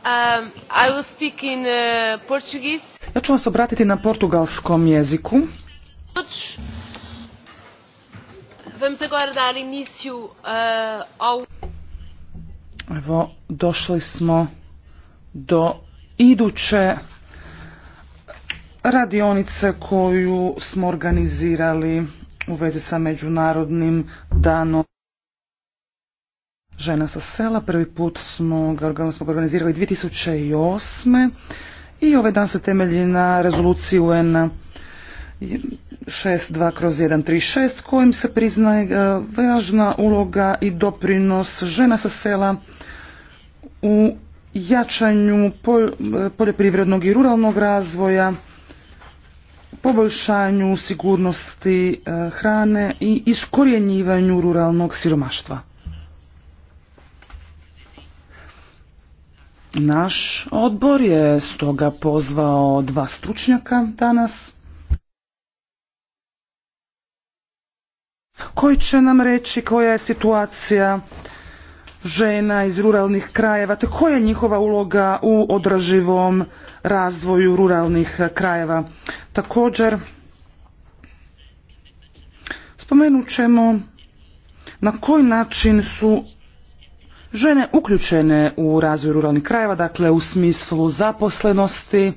Um, I uh, Ja ću vam se obratiti na portugalskom jeziku. Vamos agora dar início uh, ao... Evo, došli smo do iduće radionice koju smo organizirali u vezi sa Međunarodnim danom žena sa sela. Prvi put smo ga smo organizirali 2008. I ovaj dan se temelji na rezoluciji UN 62 kroz 136 kojim se priznaje e, važna uloga i doprinos žena sa sela u jačanju poljoprivrednog i ruralnog razvoja, poboljšanju sigurnosti e, hrane i iskorjenjivanju ruralnog siromaštva. Naš odbor je stoga pozvao dva stručnjaka danas koji će nam reći koja je situacija žena iz ruralnih krajeva te koja je njihova uloga u održivom razvoju ruralnih krajeva. Također spomenut ćemo na koji način su žene uključene u razvoj ruralnih krajeva, dakle u smislu zaposlenosti,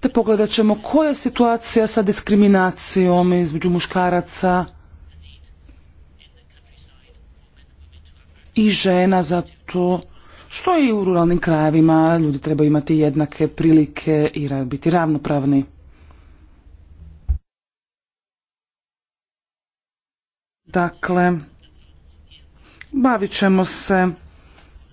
te pogledat ćemo koja je situacija sa diskriminacijom između muškaraca i žena zato što i u ruralnim krajevima ljudi trebaju imati jednake prilike i biti ravnopravni. Dakle, Bavit ćemo se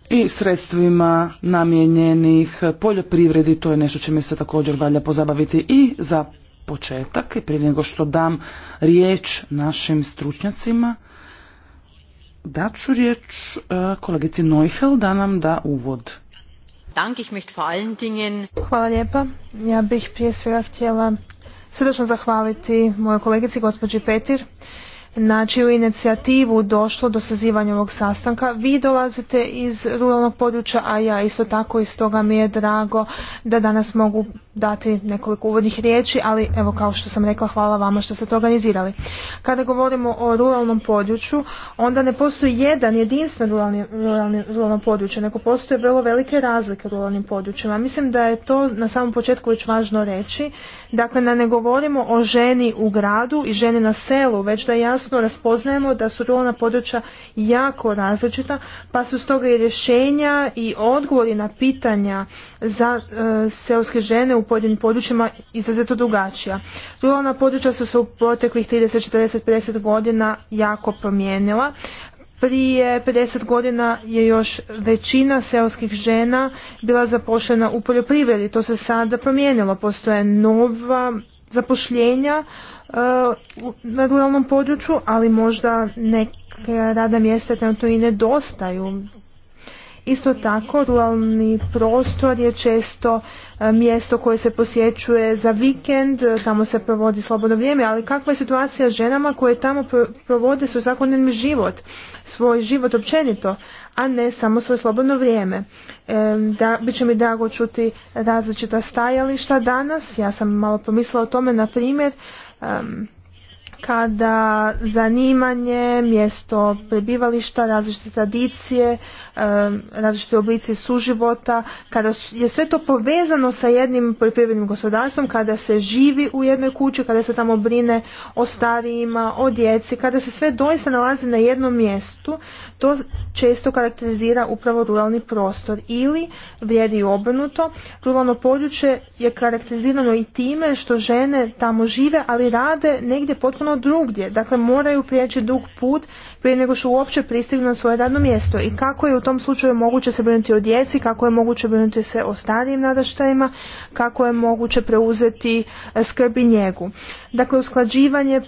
i sredstvima namijenjenih poljoprivredi, to je nešto čime se također valja pozabaviti i za početak i prije nego što dam riječ našim stručnjacima, dat ću riječ e, kolegici Neuhel da nam da uvod. Hvala lijepa. Ja bih prije svega htjela srdečno zahvaliti mojoj kolegici gospođi Petir na znači u inicijativu došlo do sazivanja ovog sastanka. Vi dolazite iz ruralnog područja, a ja isto tako i stoga mi je drago da danas mogu dati nekoliko uvodnih riječi, ali evo kao što sam rekla hvala vama što ste to organizirali. Kada govorimo o ruralnom području, onda ne postoji jedan jedinstven ruralni, ruralni, ruralno područje, nego postoje vrlo velike razlike u ruralnim područjima. Mislim da je to na samom početku već važno reći. Dakle, da ne govorimo o ženi u gradu i ženi na selu, već da jasno raspoznajemo da su ruralna područja jako različita, pa su stoga i rješenja i odgovori na pitanja za e, seoske žene u pojedinim područjima izrazito drugačija. Ruralna područja su se u proteklih 30, 40, 50 godina jako promijenila. Prije 50 godina je još većina seoskih žena bila zapošljena u poljoprivredi. To se sada promijenilo. Postoje nova zapošljenja e, na ruralnom području, ali možda neka rada mjesta trenutno i nedostaju. Isto tako, ruralni prostor je često e, mjesto koje se posjećuje za vikend, e, tamo se provodi slobodno vrijeme, ali kakva je situacija s ženama koje tamo provode svoj svakodnevni život, svoj život općenito, a ne samo svoje slobodno vrijeme. E, da, Biće mi drago čuti različita stajališta danas, ja sam malo pomislila o tome, na primjer, kada zanimanje, mjesto prebivališta, različite tradicije, Um, različiti oblici suživota, kada je sve to povezano sa jednim poljoprivrednim gospodarstvom, kada se živi u jednoj kući, kada se tamo brine o starijima, o djeci, kada se sve doista nalazi na jednom mjestu, to često karakterizira upravo ruralni prostor. Ili, vrijedi obrnuto, ruralno područje je karakterizirano i time što žene tamo žive, ali rade negdje potpuno drugdje. Dakle, moraju prijeći dug put prije nego što uopće pristignu na svoje radno mjesto i kako je u tom slučaju moguće se brinuti o djeci, kako je moguće brinuti se o starijim nadaštajima, kako je moguće preuzeti e, skrb i njegu. Dakle, usklađivanje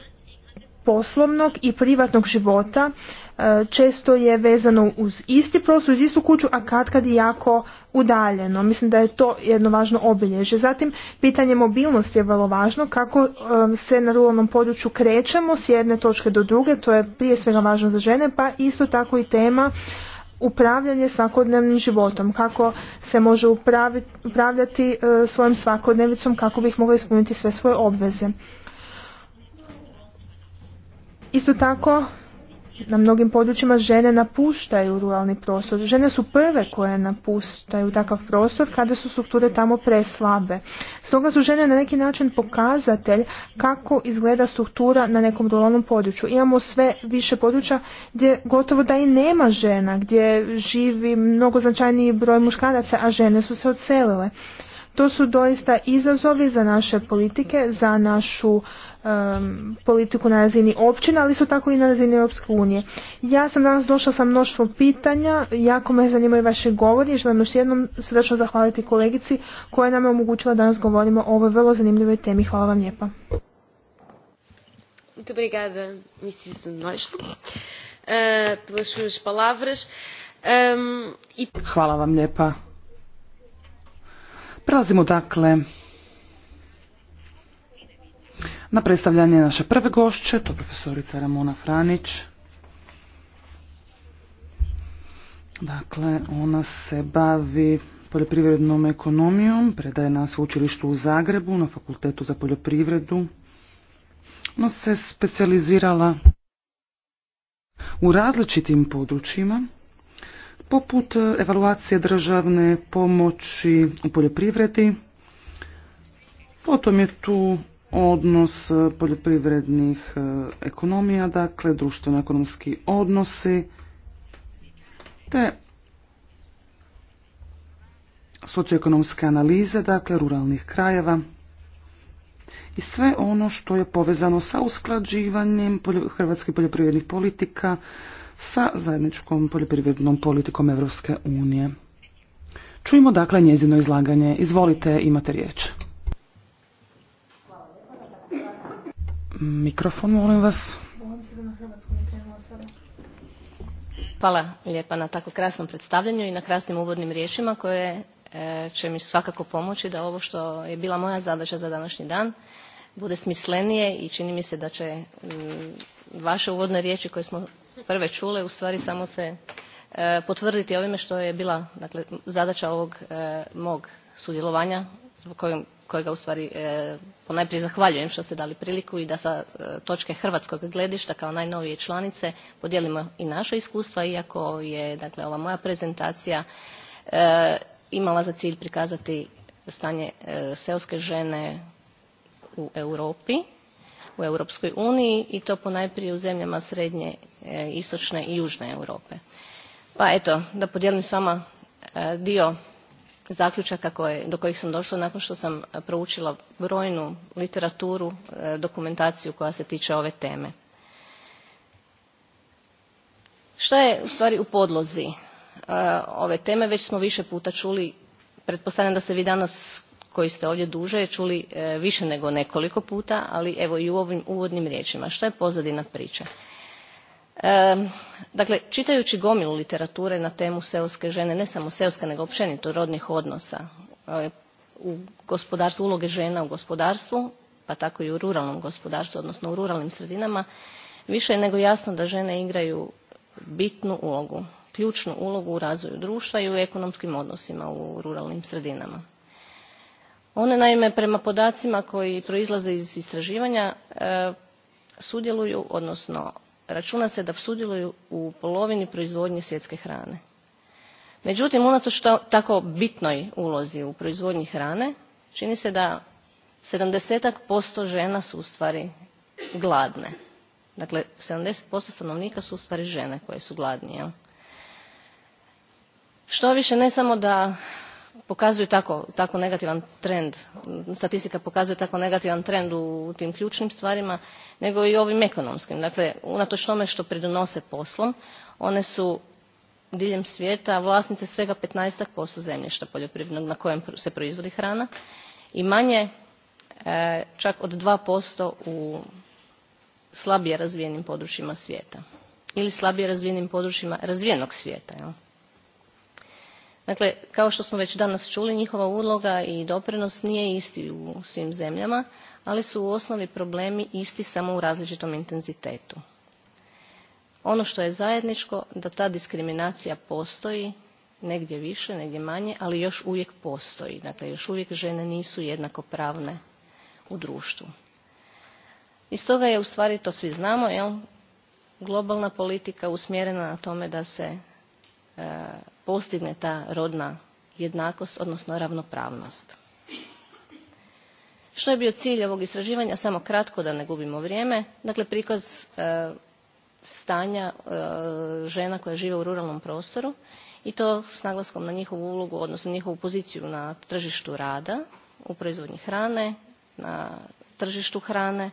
poslovnog i privatnog života e, često je vezano uz isti prostor, uz istu kuću, a kad je jako udaljeno. Mislim da je to jedno važno obilježje. Zatim, pitanje mobilnosti je vrlo važno. Kako e, se na ruralnom području krećemo s jedne točke do druge, to je prije svega važno za žene, pa isto tako i tema upravljanje svakodnevnim životom, kako se može upravljati e, svojom svakodnevicom, kako bi ih mogla ispuniti sve svoje obveze. Isto tako, na mnogim područjima žene napuštaju ruralni prostor. Žene su prve koje napuštaju takav prostor kada su strukture tamo preslabe. Stoga su žene na neki način pokazatelj kako izgleda struktura na nekom ruralnom području. Imamo sve više područja gdje gotovo da i nema žena, gdje živi mnogo značajniji broj muškaraca, a žene su se odselile. To su doista izazovi za naše politike, za našu Um, politiku na razini općina, ali su tako i na razini Europske unije. Ja sam danas došla sa mnoštvo pitanja, jako me zanimaju vaše govori i želim još jednom srdečno zahvaliti kolegici koja nam je omogućila da danas govorimo o ovoj vrlo zanimljivoj temi. Hvala vam lijepa. obrigada, Mrs. Eh, pelas palavras. Ehm, e Hvala vam lijepa. Prelazimo dakle na predstavljanje naše prve gošće, to je profesorica Ramona Franić. Dakle, ona se bavi poljoprivrednom ekonomijom, predaje na sveučilištu u Zagrebu, na fakultetu za poljoprivredu. Ona se specijalizirala u različitim područjima, poput evaluacije državne pomoći u poljoprivredi, potom je tu odnos e, poljoprivrednih e, ekonomija, dakle društveno-ekonomski odnosi, te socioekonomske analize, dakle ruralnih krajeva i sve ono što je povezano sa usklađivanjem hrvatskih poljoprivrednih politika sa zajedničkom poljoprivrednom politikom Europske unije. Čujmo dakle njezino izlaganje. Izvolite, imate riječ. Mikrofon, molim vas. Hvala lijepa na tako krasnom predstavljanju i na krasnim uvodnim riječima koje e, će mi svakako pomoći da ovo što je bila moja zadaća za današnji dan bude smislenije i čini mi se da će mm, vaše uvodne riječi koje smo prve čule stvari samo se e, potvrditi ovime što je bila dakle, zadaća ovog e, mog sudjelovanja zbog kojeg kojega ustvari stvari e, ponajprije zahvaljujem što ste dali priliku i da sa e, točke hrvatskog gledišta kao najnovije članice podijelimo i naša iskustva iako je dakle ova moja prezentacija e, imala za cilj prikazati stanje seoske žene u Europi u Europskoj uniji i to ponajprije u zemljama srednje, istočne i južne Europe. Pa eto, da podijelim s vama dio zaključaka do kojih sam došla nakon što sam eh, proučila brojnu literaturu, eh, dokumentaciju koja se tiče ove teme. Šta je stvari u podlozi eh, ove teme? Već smo više puta čuli, pretpostavljam da ste vi danas koji ste ovdje duže čuli više nego nekoliko puta, ali evo i u ovim uvodnim riječima. Što je pozadina priče? dakle čitajući gomilu literature na temu seoske žene ne samo seoske nego općenito rodnih odnosa e, u gospodarstvu uloge žena u gospodarstvu pa tako i u ruralnom gospodarstvu odnosno u ruralnim sredinama više je nego jasno da žene igraju bitnu ulogu ključnu ulogu u razvoju društva i u ekonomskim odnosima u ruralnim sredinama one naime prema podacima koji proizlaze iz istraživanja e, sudjeluju odnosno računa se da sudjeluju u polovini proizvodnje svjetske hrane. Međutim, unatoč tako bitnoj ulozi u proizvodnji hrane, čini se da 70% žena su u stvari gladne. Dakle, 70% stanovnika su u stvari žene koje su gladnije. Što više, ne samo da pokazuju tako, negativan trend, statistika pokazuje tako negativan trend u tim ključnim stvarima, nego i ovim ekonomskim. Dakle, unatoč tome što pridonose poslom, one su diljem svijeta vlasnice svega 15% zemljišta poljoprivrednog na kojem se proizvodi hrana i manje e, čak od 2% u slabije razvijenim područjima svijeta ili slabije razvijenim područjima razvijenog svijeta. Jel? dakle kao što smo već danas čuli njihova uloga i doprinos nije isti u svim zemljama ali su u osnovi problemi isti samo u različitom intenzitetu ono što je zajedničko da ta diskriminacija postoji negdje više negdje manje ali još uvijek postoji dakle još uvijek žene nisu jednakopravne u društvu Iz toga je ustvari to svi znamo jel globalna politika usmjerena na tome da se E, postigne ta rodna jednakost, odnosno ravnopravnost. Što je bio cilj ovog istraživanja? Samo kratko, da ne gubimo vrijeme. Dakle, prikaz e, stanja e, žena koja žive u ruralnom prostoru i to s naglaskom na njihovu ulogu, odnosno njihovu poziciju na tržištu rada, u proizvodnji hrane, na tržištu hrane,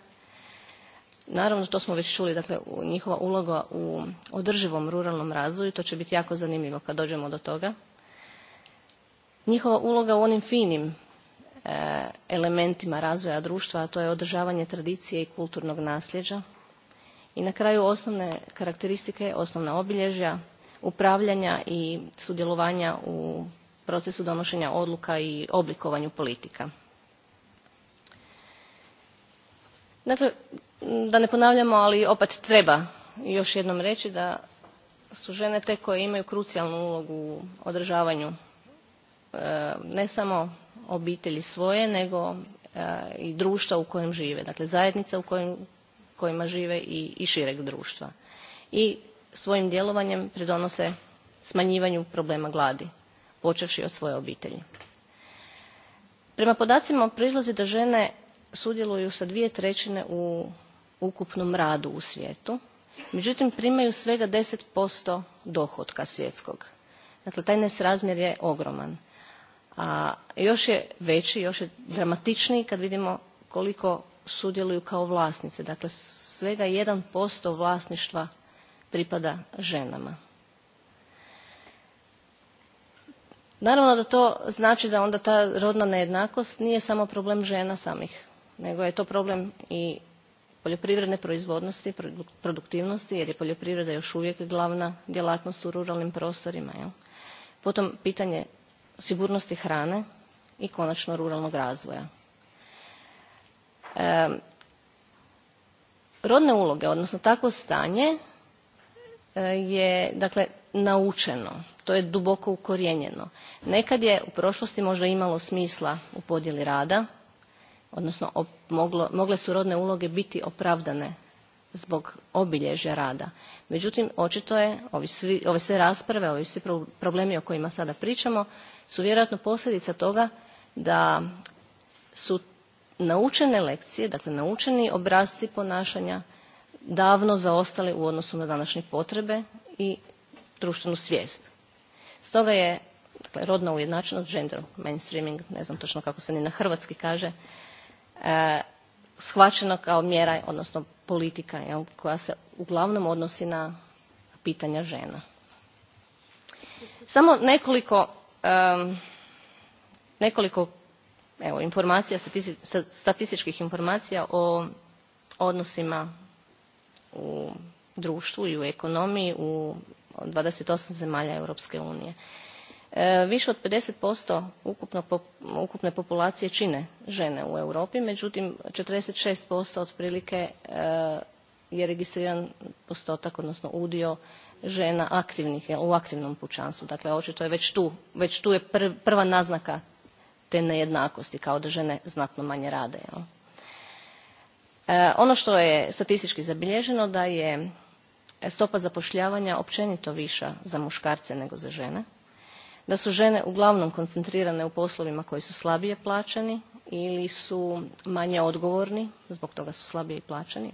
naravno to smo već čuli dakle njihova uloga u održivom ruralnom razvoju to će biti jako zanimljivo kad dođemo do toga njihova uloga u onim finim e, elementima razvoja društva a to je održavanje tradicije i kulturnog nasljeđa i na kraju osnovne karakteristike osnovna obilježja upravljanja i sudjelovanja u procesu donošenja odluka i oblikovanju politika. Dakle, da ne ponavljamo ali opet treba još jednom reći da su žene te koje imaju krucijalnu ulogu u održavanju e, ne samo obitelji svoje nego e, i društva u kojem žive dakle zajednica u kojima žive i, i šireg društva i svojim djelovanjem pridonose smanjivanju problema gladi počevši od svoje obitelji prema podacima proizlazi da žene sudjeluju sa dvije trećine u ukupnom radu u svijetu međutim primaju svega posto dohotka svjetskog dakle taj nesrazmjer je ogroman a još je veći još je dramatičniji kad vidimo koliko sudjeluju kao vlasnice dakle svega jedan posto vlasništva pripada ženama naravno da to znači da onda ta rodna nejednakost nije samo problem žena samih nego je to problem i poljoprivredne proizvodnosti, produktivnosti jer je poljoprivreda još uvijek glavna djelatnost u ruralnim prostorima. Jel? Potom pitanje sigurnosti hrane i konačno ruralnog razvoja. E, rodne uloge, odnosno takvo stanje e, je dakle naučeno, to je duboko ukorijenjeno. Nekad je u prošlosti možda imalo smisla u podjeli rada, odnosno mogle su rodne uloge biti opravdane zbog obilježja rada. Međutim, očito je, ovi ove sve rasprave, ovi svi problemi o kojima sada pričamo, su vjerojatno posljedica toga da su naučene lekcije, dakle naučeni obrazci ponašanja davno zaostali u odnosu na današnje potrebe i društvenu svijest. Stoga je dakle, rodna ujednačenost, gender mainstreaming, ne znam točno kako se ni na hrvatski kaže, E, shvaćeno kao mjera odnosno politika koja se uglavnom odnosi na pitanja žena. Samo nekoliko, e, nekoliko evo, informacija, statističkih informacija o odnosima u društvu i u ekonomiji u 28 zemalja Europske unije. E, više od 50% posto ukupne populacije čine žene u Europi, međutim 46% otprilike e, je registriran postotak, odnosno udio žena aktivnih, u aktivnom pučanstvu. Dakle, očito je već tu, tu je prva naznaka te nejednakosti, kao da žene znatno manje rade. E, ono što je statistički zabilježeno da je stopa zapošljavanja općenito viša za muškarce nego za žene da su žene uglavnom koncentrirane u poslovima koji su slabije plaćeni ili su manje odgovorni, zbog toga su slabije i plaćeni.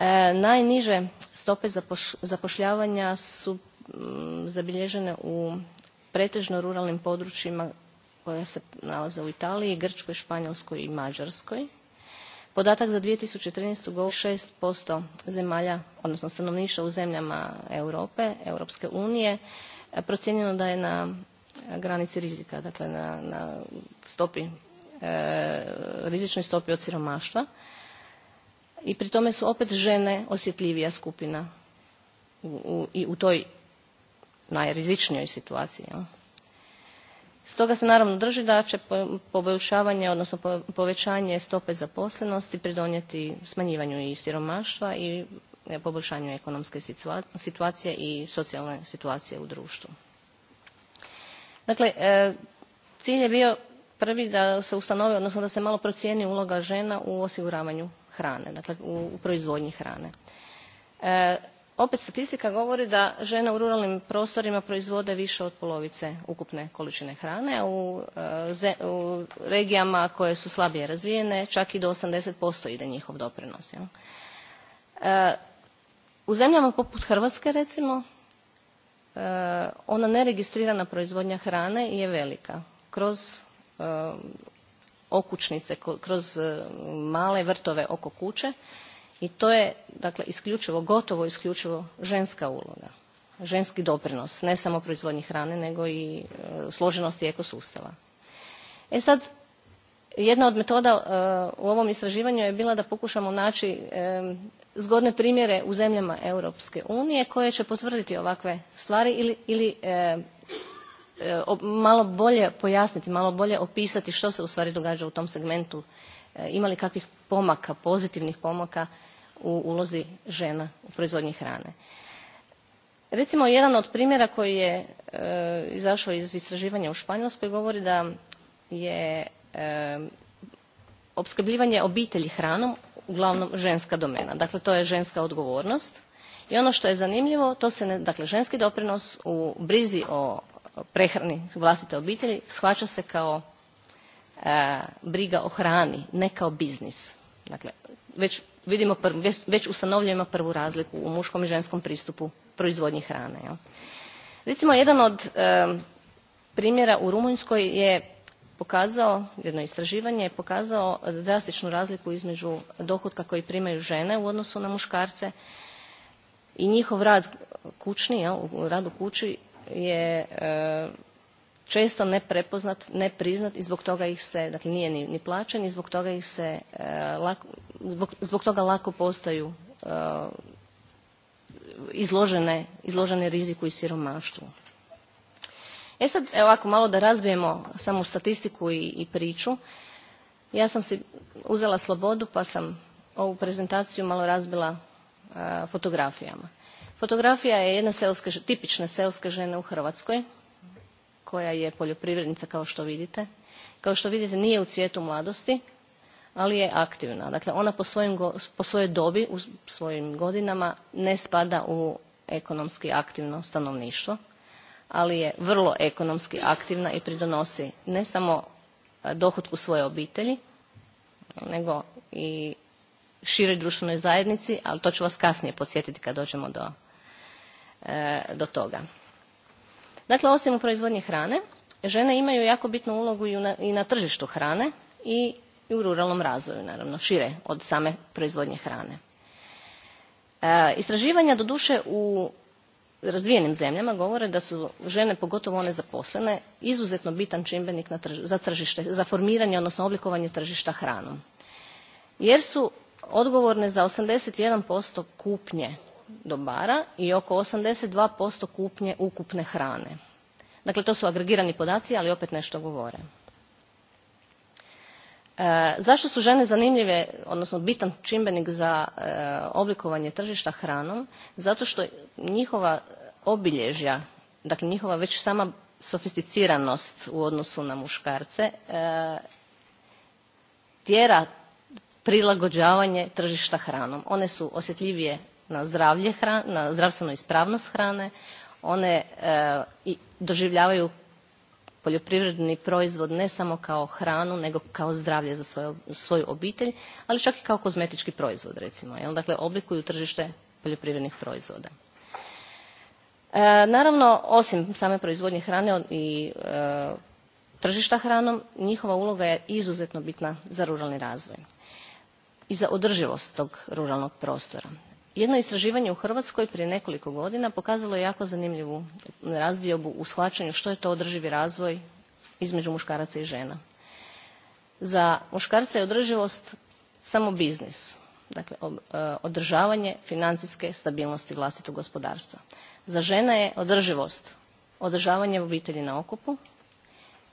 E, najniže stope zapošljavanja su mm, zabilježene u pretežno ruralnim područjima koja se nalaze u Italiji, Grčkoj, Španjolskoj i Mađarskoj. Podatak za 2013. govori 6% zemalja, odnosno stanovništva u zemljama Europe, Europske unije, E, procijenjeno da je na e, granici rizika, dakle na, na stopi, e, rizičnoj stopi od siromaštva. I pri tome su opet žene osjetljivija skupina u, i u toj najrizičnijoj situaciji. Stoga se naravno drži da će poboljšavanje, odnosno povećanje stope zaposlenosti pridonijeti smanjivanju i siromaštva i E, poboljšanju ekonomske situacije i socijalne situacije u društvu. Dakle, e, cilj je bio prvi da se ustanovi, odnosno da se malo procijeni uloga žena u osiguravanju hrane, dakle u proizvodnji hrane. E, opet statistika govori da žene u ruralnim prostorima proizvode više od polovice ukupne količine hrane, a u, regijama koje su slabije razvijene čak i do 80% ide njihov doprinos u zemljama poput hrvatske recimo e, ona neregistrirana proizvodnja hrane je velika kroz e, okućnice kroz e, male vrtove oko kuće i to je dakle isključivo gotovo isključivo ženska uloga ženski doprinos ne samo proizvodnji hrane nego i složenosti ekosustava e sad jedna od metoda e, u ovom istraživanju je bila da pokušamo naći e, zgodne primjere u zemljama Europske unije koje će potvrditi ovakve stvari ili, ili e, malo bolje pojasniti, malo bolje opisati što se u stvari događa u tom segmentu, imali li kakvih pomaka, pozitivnih pomaka u ulozi žena u proizvodnji hrane. Recimo, jedan od primjera koji je izašao iz istraživanja u Španjolskoj govori da je opskrbljivanje obitelji hranom uglavnom ženska domena dakle to je ženska odgovornost i ono što je zanimljivo to se dakle ženski doprinos u brizi o prehrani vlastite obitelji shvaća se kao e, briga o hrani ne kao biznis dakle već vidimo već, već ustanovljujemo prvu razliku u muškom i ženskom pristupu proizvodnji hrane jel? recimo jedan od primjera u rumunjskoj je pokazao, jedno istraživanje je pokazao drastičnu razliku između dohotka koji primaju žene u odnosu na muškarce i njihov rad kućni, rad u kući je e, često neprepoznat, nepriznat i zbog toga ih se, dakle nije ni, ni plaćen i zbog toga ih se e, lako, zbog, toga lako postaju e, izložene, izložene riziku i siromaštvu. E sad, evo ako malo da razbijemo samu statistiku i, priču, ja sam si uzela slobodu pa sam ovu prezentaciju malo razbila e, fotografijama. Fotografija je jedna tipične tipična seoske žene u Hrvatskoj, koja je poljoprivrednica kao što vidite. Kao što vidite nije u cvijetu mladosti, ali je aktivna. Dakle, ona po, po svojoj dobi, u svojim godinama ne spada u ekonomski aktivno stanovništvo ali je vrlo ekonomski aktivna i pridonosi ne samo e, dohotku svoje obitelji nego i široj društvenoj zajednici, ali to ću vas kasnije podsjetiti kad dođemo do, e, do toga. Dakle, osim u proizvodnji hrane, žene imaju jako bitnu ulogu i na, tržištu hrane i, u ruralnom razvoju, naravno, šire od same proizvodnje hrane. E, istraživanja doduše u razvijenim zemljama govore da su žene, pogotovo one zaposlene, izuzetno bitan čimbenik na za tržište, za formiranje, odnosno oblikovanje tržišta hranom. Jer su odgovorne za 81% kupnje dobara i oko 82% kupnje ukupne hrane. Dakle, to su agregirani podaci, ali opet nešto govore. E, zašto su žene zanimljive, odnosno bitan čimbenik za e, oblikovanje tržišta hranom? Zato što njihova obilježja, dakle njihova već sama sofisticiranost u odnosu na muškarce e, tjera prilagođavanje tržišta hranom. One su osjetljivije na zdravlje na zdravstvenu ispravnost hrane, one i doživljavaju poljoprivredni proizvod ne samo kao hranu nego kao zdravlje za svoju, obitelj ali čak i kao kozmetički proizvod recimo jel dakle oblikuju tržište poljoprivrednih proizvoda e, naravno osim same proizvodnje hrane i e, tržišta hranom njihova uloga je izuzetno bitna za ruralni razvoj i za održivost tog ruralnog prostora jedno istraživanje u Hrvatskoj prije nekoliko godina pokazalo je jako zanimljivu razdiobu u shvaćanju što je to održivi razvoj između muškaraca i žena. Za muškarca je održivost samo biznis, dakle e, održavanje financijske stabilnosti vlastitog gospodarstva. Za žena je održivost održavanje obitelji na okupu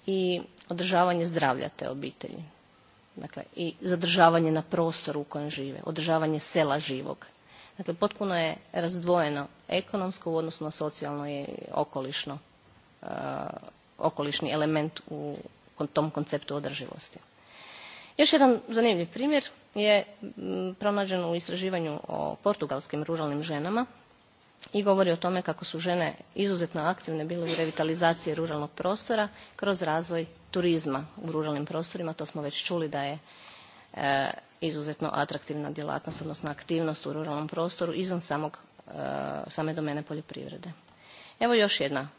i održavanje zdravlja te obitelji. Dakle, i zadržavanje na prostoru u kojem žive, održavanje sela živog Dakle, potpuno je razdvojeno ekonomsko u odnosu na socijalno i okolišno, eh, okolišni element u tom konceptu održivosti. Još jedan zanimljiv primjer je mm, pronađen u istraživanju o portugalskim ruralnim ženama i govori o tome kako su žene izuzetno aktivne bile u revitalizaciji ruralnog prostora kroz razvoj turizma u ruralnim prostorima. To smo već čuli da je eh, izuzetno atraktivna djelatnost, odnosno aktivnost u ruralnom prostoru izvan samog, eh, same domene poljoprivrede. Evo još jedna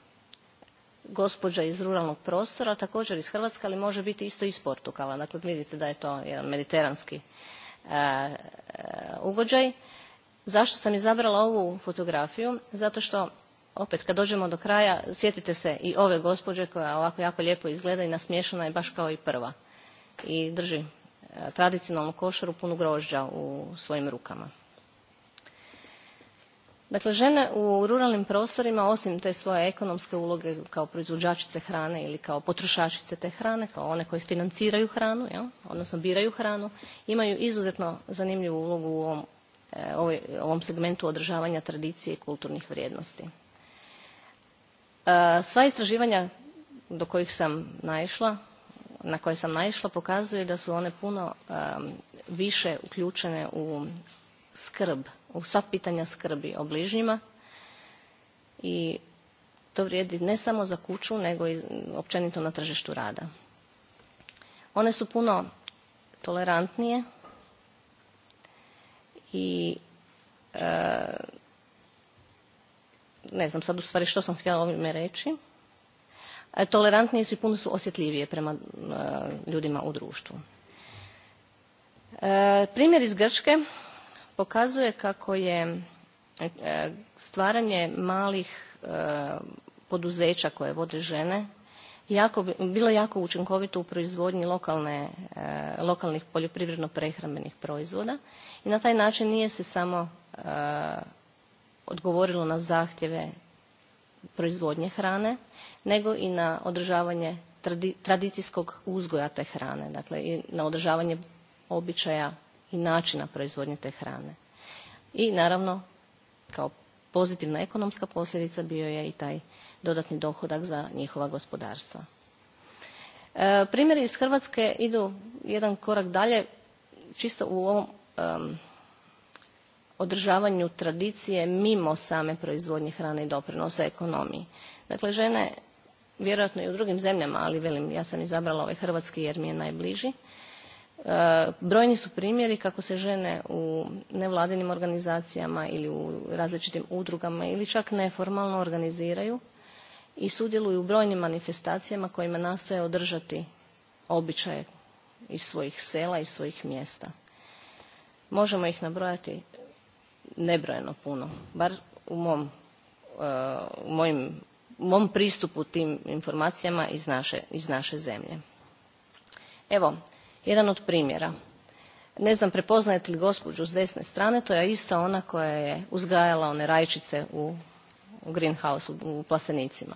gospođa iz ruralnog prostora, također iz Hrvatske, ali može biti isto iz Portugala. Dakle, vidite da je to jedan mediteranski eh, eh, ugođaj. Zašto sam izabrala ovu fotografiju? Zato što opet kad dođemo do kraja sjetite se i ove gospođe koja ovako jako lijepo izgleda i nasmiješana je baš kao i prva i drži tradicionalnu košaru punu grožđa u svojim rukama. Dakle, žene u ruralnim prostorima, osim te svoje ekonomske uloge kao proizvođačice hrane ili kao potrošačice te hrane, kao one koje financiraju hranu, ja, odnosno biraju hranu, imaju izuzetno zanimljivu ulogu u ovom, e, ovom segmentu održavanja tradicije i kulturnih vrijednosti. E, sva istraživanja do kojih sam naišla na koje sam naišla pokazuje da su one puno više uključene u skrb, u sva pitanja skrbi o bližnjima i to vrijedi ne samo za kuću nego i općenito na tržištu rada. One su puno tolerantnije i ne znam sad u stvari što sam htjela ovime reći E, tolerantnije su i puno su osjetljivije prema e, ljudima u društvu. E, primjer iz Grčke pokazuje kako je stvaranje malih poduzeća koje vode žene jako, bilo jako učinkovito u proizvodnji lokalne, lokalnih poljoprivredno prehrambenih proizvoda i na taj način nije se samo odgovorilo na zahtjeve proizvodnje hrane nego i na održavanje tradicijskog uzgoja te hrane dakle i na održavanje običaja i načina proizvodnje te hrane i naravno kao pozitivna ekonomska posljedica bio je i taj dodatni dohodak za njihova gospodarstva e, primjeri iz hrvatske idu jedan korak dalje čisto u ovom održavanju tradicije mimo same proizvodnje hrane i doprinosa ekonomiji. Dakle, žene vjerojatno i u drugim zemljama, ali velim, ja sam izabrala ovaj hrvatski jer mi je najbliži, e, brojni su primjeri kako se žene u nevladinim organizacijama ili u različitim udrugama ili čak neformalno organiziraju i sudjeluju u brojnim manifestacijama kojima nastoje održati običaje iz svojih sela, iz svojih mjesta. Možemo ih nabrojati nebrojeno puno, bar u mom, e, u mom pristupu tim informacijama iz naše, iz naše zemlje. Evo, jedan od primjera. Ne znam prepoznajete li gospođu s desne strane, to je ista ona koja je uzgajala one rajčice u, u greenhouse, u, u plastenicima.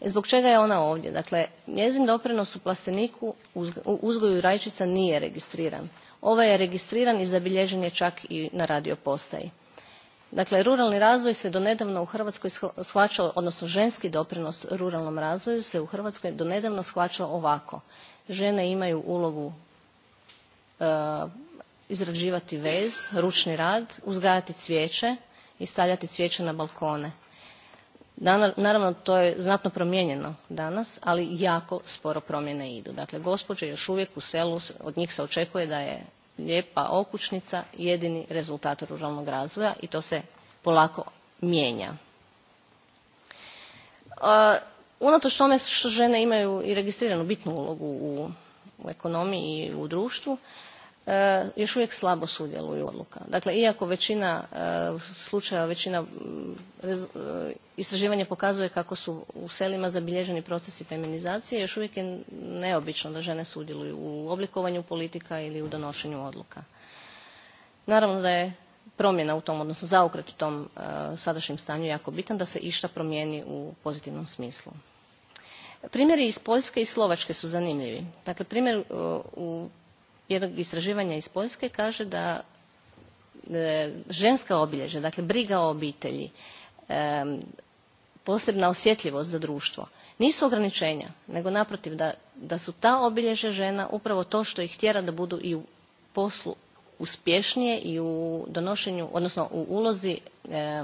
E, zbog čega je ona ovdje? Dakle, njezin doprinos u plasteniku u uzgoju rajčica nije registriran ovaj je registriran i zabilježen je čak i na radiopostaji. Dakle, ruralni razvoj se donedavno u Hrvatskoj shvaćao, odnosno ženski doprinos ruralnom razvoju se u Hrvatskoj donedavno shvaćao ovako. Žene imaju ulogu e, izrađivati vez, ručni rad, uzgajati cvijeće i stavljati cvijeće na balkone naravno to je znatno promijenjeno danas ali jako sporo promjene idu dakle gospođe još uvijek u selu od njih se očekuje da je lijepa okućnica jedini rezultat ruralnog razvoja i to se polako mijenja unatoč tome što žene imaju i registriranu bitnu ulogu u, u ekonomiji i u društvu E, još uvijek slabo sudjeluju odluka. Dakle, iako većina e, slučajeva, većina e, istraživanja pokazuje kako su u selima zabilježeni procesi feminizacije, još uvijek je neobično da žene sudjeluju u oblikovanju politika ili u donošenju odluka. Naravno da je promjena u tom, odnosno zaokret u tom sadašnjem stanju jako bitan da se išta promijeni u pozitivnom smislu. Primjeri iz Poljske i Slovačke su zanimljivi. Dakle, primjer u jednog istraživanja iz Poljske kaže da e, ženska obilježja, dakle briga o obitelji, e, posebna osjetljivost za društvo nisu ograničenja nego naprotiv da, su ta obilježja žena upravo to što ih tjera da budu i u poslu uspješnije i u donošenju odnosno u ulozi e,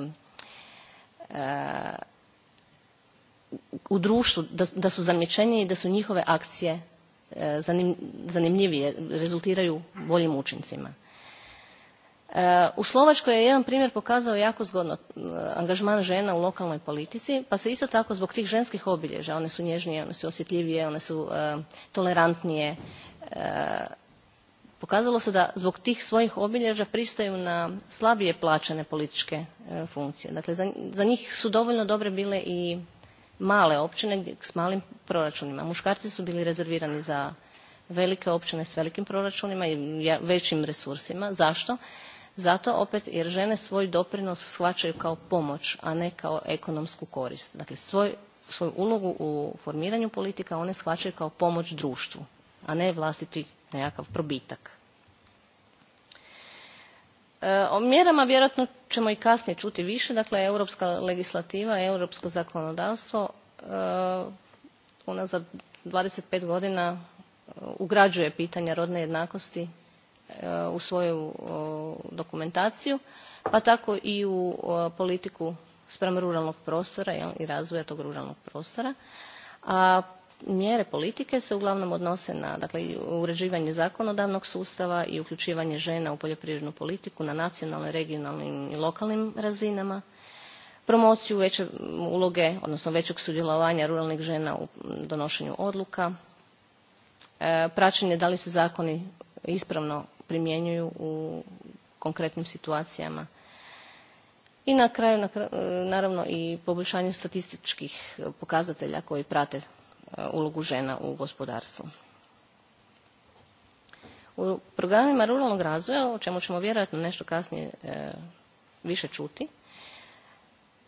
u društvu da, su zamječenje i da su njihove akcije E, zanimljivije, rezultiraju boljim učincima. E, u Slovačkoj je jedan primjer pokazao jako zgodno e, angažman žena u lokalnoj politici, pa se isto tako zbog tih ženskih obilježa, one su nježnije, one su osjetljivije, one su tolerantnije, pokazalo se da zbog tih svojih obilježa pristaju na slabije plaćene političke funkcije. Dakle, za njih su dovoljno dobre bile i male općine s malim proračunima. Muškarci su bili rezervirani za velike općine s velikim proračunima i većim resursima. Zašto? Zato opet jer žene svoj doprinos shvaćaju kao pomoć, a ne kao ekonomsku korist. Dakle, svoj, svoju ulogu u formiranju politika one shvaćaju kao pomoć društvu, a ne vlastiti nekakav probitak. E, o mjerama vjerojatno ćemo i kasnije čuti više dakle europska legislativa europsko zakonodavstvo e, unazad dvadeset pet godina e, ugrađuje pitanja rodne jednakosti u svoju dokumentaciju pa tako i u politiku spram ruralnog prostora i razvoja tog ruralnog prostora a mjere politike se uglavnom odnose na dakle, uređivanje zakonodavnog sustava i uključivanje žena u poljoprivrednu politiku na nacionalnoj, regionalnim i lokalnim razinama, promociju veće uloge, odnosno većeg sudjelovanja ruralnih žena u donošenju odluka, e, praćenje da li se zakoni ispravno primjenjuju u konkretnim situacijama i na kraju naravno i poboljšanje statističkih pokazatelja koji prate Eh, ulogu žena u gospodarstvu. U programima ruralnog razvoja, o čemu ćemo vjerojatno nešto kasnije eh, više čuti,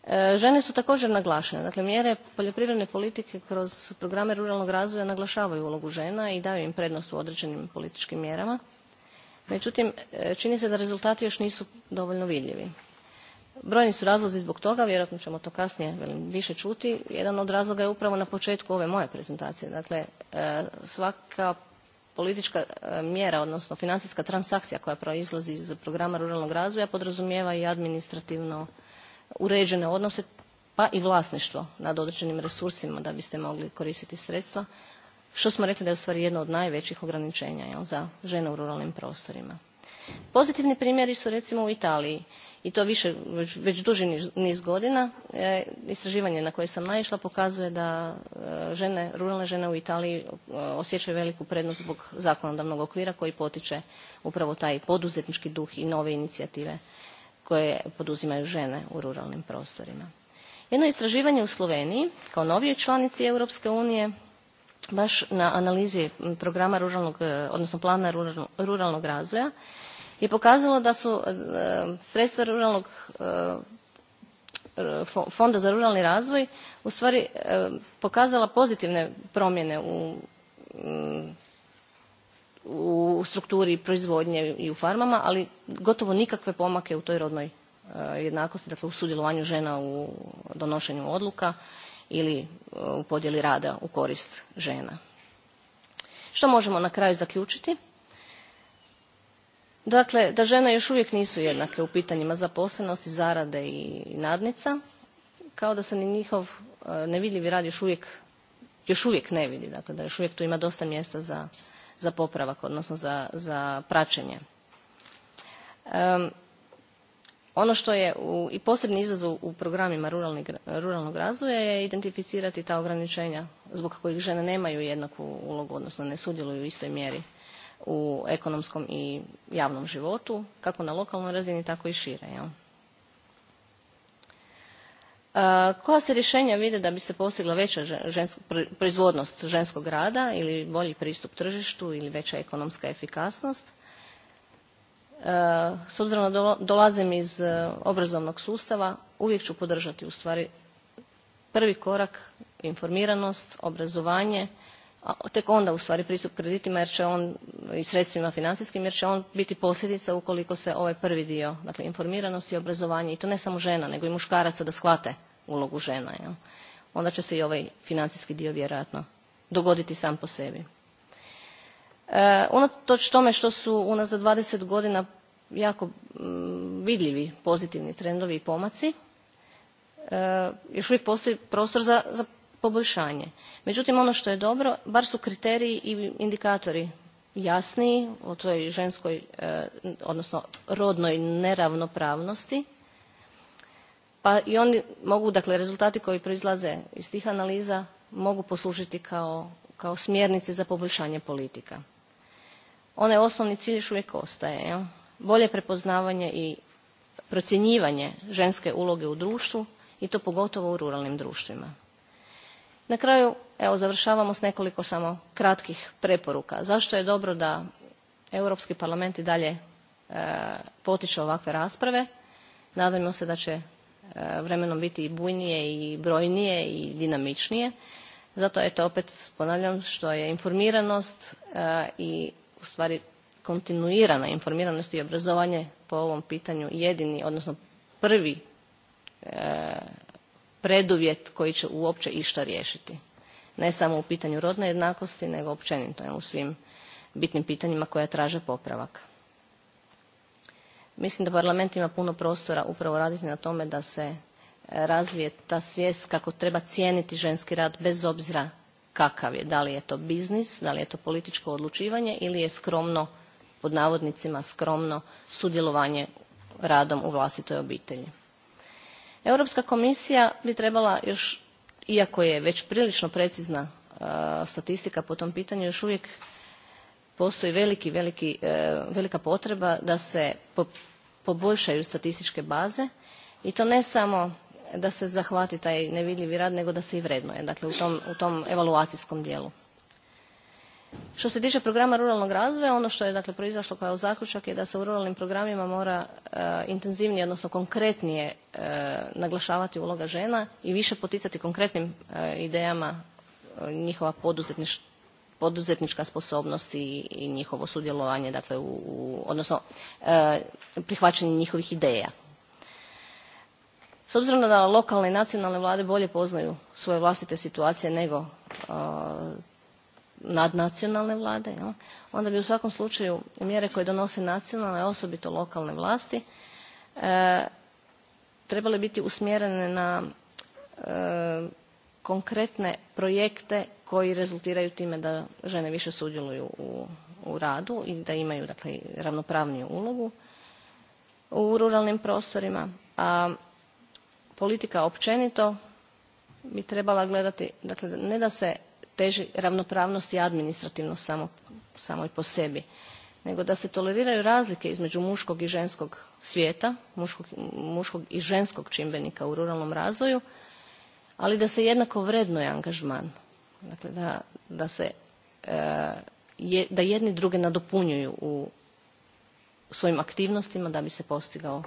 eh, Žene su također naglašene. Dakle, mjere poljoprivredne politike kroz programe ruralnog razvoja naglašavaju ulogu žena i daju im prednost u određenim političkim mjerama. Međutim, čini se da rezultati još nisu dovoljno vidljivi brojni su razlozi zbog toga vjerojatno ćemo to kasnije više čuti jedan od razloga je upravo na početku ove moje prezentacije dakle e, svaka politička e, mjera odnosno financijska transakcija koja proizlazi iz programa ruralnog razvoja podrazumijeva i administrativno uređene odnose pa i vlasništvo nad određenim resursima da biste mogli koristiti sredstva što smo rekli da je ustvari jedno od najvećih ograničenja za žene u ruralnim prostorima pozitivni primjeri su recimo u italiji i to više već duži niz godina e, istraživanje na koje sam naišla pokazuje da e, žene, ruralne žene u italiji e, osjećaju veliku prednost zbog zakonodavnog okvira koji potiče upravo taj poduzetnički duh i nove inicijative koje poduzimaju žene u ruralnim prostorima jedno istraživanje u sloveniji kao novijoj članici europske unije baš na analizi programa ruralnog odnosno plana ruralnog razvoja je pokazalo da su e, sredstva ruralnog e, fonda za ruralni razvoj stvari e, pokazala pozitivne promjene u, mm, u strukturi proizvodnje i u farmama ali gotovo nikakve pomake u toj rodnoj jednakosti dakle u sudjelovanju žena u donošenju odluka ili u podjeli rada u korist žena. što možemo na kraju zaključiti? Dakle, da žene još uvijek nisu jednake u pitanjima zaposlenosti, zarade i nadnica, kao da se ni njihov e, nevidljivi rad još uvijek, još uvijek ne vidi, dakle da još uvijek tu ima dosta mjesta za, za popravak, odnosno za, za praćenje. ono što je u, i posebni izazov u programima ruralnog razvoja je identificirati ta ograničenja zbog kojih žene nemaju jednaku ulogu, odnosno ne sudjeluju u istoj mjeri u ekonomskom i javnom životu, kako na lokalnoj razini, tako i šire. E, koja se rješenja vide da bi se postigla veća proizvodnost ženskog rada ili bolji pristup tržištu ili veća ekonomska efikasnost? E, s obzirom da dolazim iz e, obrazovnog sustava, uvijek ću podržati u stvari prvi korak, informiranost, obrazovanje, tek onda stvari, pristup kreditima jer će on i sredstvima financijskim jer će on biti posljedica ukoliko se ovaj prvi dio dakle informiranost i obrazovanje i to ne samo žena nego i muškaraca da shvate ulogu žena onda će se i ovaj financijski dio vjerojatno dogoditi sam po sebi. E, unatoč tome što su unazad 20 godina jako mm, vidljivi pozitivni trendovi i pomaci e, još uvijek postoji prostor za, za poboljšanje. Međutim, ono što je dobro, bar su kriteriji i indikatori jasniji o toj ženskoj, e, odnosno rodnoj neravnopravnosti, pa i oni mogu, dakle, rezultati koji proizlaze iz tih analiza mogu poslužiti kao, kao smjernice za poboljšanje politika. Onaj osnovni cilj još uvijek ostaje, bolje prepoznavanje i procjenjivanje ženske uloge u društvu i to pogotovo u ruralnim društvima na kraju evo završavamo s nekoliko samo kratkih preporuka zašto je dobro da europski parlament i dalje e, potiče ovakve rasprave nadajmo se da će e, vremenom biti i bujnije i brojnije i dinamičnije zato eto opet ponavljam što je informiranost e, i, i ustvari kontinuirana informiranost i obrazovanje po ovom pitanju jedini odnosno prvi preduvjet koji će uopće išta riješiti ne samo u pitanju rodne jednakosti nego općenito u svim bitnim pitanjima koja traže popravak. Mislim da parlament ima puno prostora upravo raditi na tome da se e, razvije ta svijest kako treba cijeniti ženski rad bez obzira kakav je. Da li je to biznis, da li je to političko odlučivanje ili je skromno, pod navodnicima skromno, sudjelovanje radom u vlastitoj obitelji europska komisija bi trebala još iako je već prilično precizna e, statistika po tom pitanju još uvijek postoji veliki, veliki, e, velika potreba da se poboljšaju statističke baze i to ne samo da se zahvati taj nevidljivi rad nego da se i vrednuje dakle u tom, u tom evaluacijskom dijelu što se tiče programa ruralnog razvoja ono što je dakle proizašlo kao zaključak je da se u ruralnim programima mora eh, intenzivnije odnosno konkretnije eh, naglašavati uloga žena i više poticati konkretnim eh, idejama njihova poduzetnička sposobnost i, njihovo sudjelovanje dakle u, odnosno prihvaćanje njihovih ideja s obzirom da lokalne i nacionalne vlade bolje poznaju svoje vlastite situacije nego nadnacionalne vlade, onda bi u svakom slučaju mjere koje donose nacionalne, osobito lokalne vlasti, e, trebale biti usmjerene na e, konkretne projekte koji rezultiraju time da žene više sudjeluju u, u radu i da imaju dakle, ravnopravniju ulogu u ruralnim prostorima, a politika općenito bi trebala gledati, dakle ne da se teži ravnopravnosti administrativno samoj po sebi nego da se toleriraju razlike između muškog i ženskog svijeta muškog, i ženskog čimbenika u ruralnom razvoju ali da se jednako vrednuje angažman dakle da, da se e, da jedni druge nadopunjuju u svojim aktivnostima da bi se postigao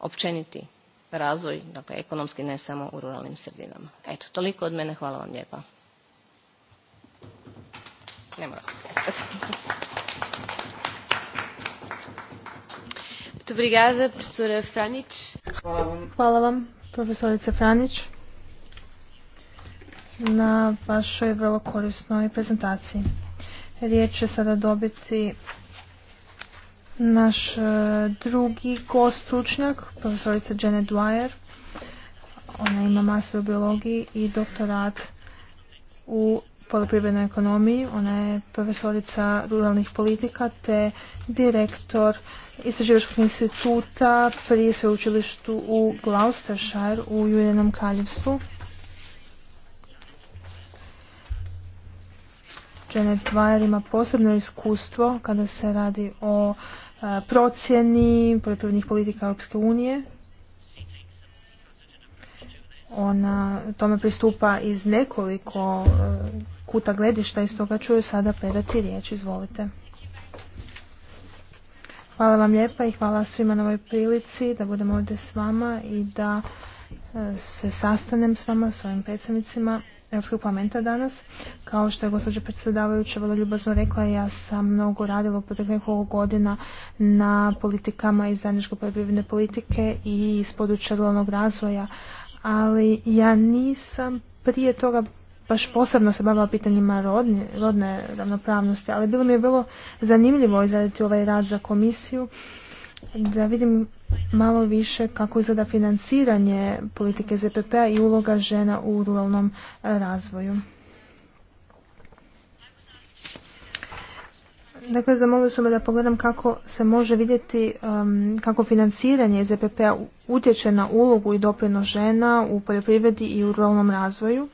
općeniti razvoj dakle ekonomski ne samo u ruralnim sredinama eto toliko od mene hvala vam lijepa ne mora Hvala vam. Hvala vam, profesorica Franić, na vašoj vrlo korisnoj prezentaciji. Riječ će sada dobiti naš e, drugi gost profesorica Janet Dwyer. Ona ima master u biologiji i doktorat u poljoprivrednoj ekonomiji. Ona je profesorica ruralnih politika te direktor Istraživačkog instituta pri sveučilištu u Gloucestershire u Ujedinom kraljevstvu. Janet Weyer ima posebno iskustvo kada se radi o procjeni poljoprivrednih politika Europske unije ona tome pristupa iz nekoliko e, kuta gledišta i stoga ću joj sada predati riječ. Izvolite. Hvala vam lijepa i hvala svima na ovoj prilici da budem ovdje s vama i da e, se sastanem s vama, s ovim predstavnicima Europskog parlamenta danas. Kao što je gospođa predsjedavajuća vrlo ljubazno rekla, ja sam mnogo radila u proteklih godina na politikama iz zajedničko poljoprivredne politike i iz područja ruralnog razvoja ali ja nisam prije toga baš posebno se bavila pitanjima rodne, rodne ravnopravnosti, ali bilo mi je bilo zanimljivo izraditi ovaj rad za komisiju da vidim malo više kako izgleda financiranje politike ZPP-a i uloga žena u ruralnom razvoju. Dakle, zamolio sam me da pogledam kako se može vidjeti um, kako financiranje ZPP-a utječe na ulogu i doprinos žena u poljoprivredi i u ruralnom razvoju.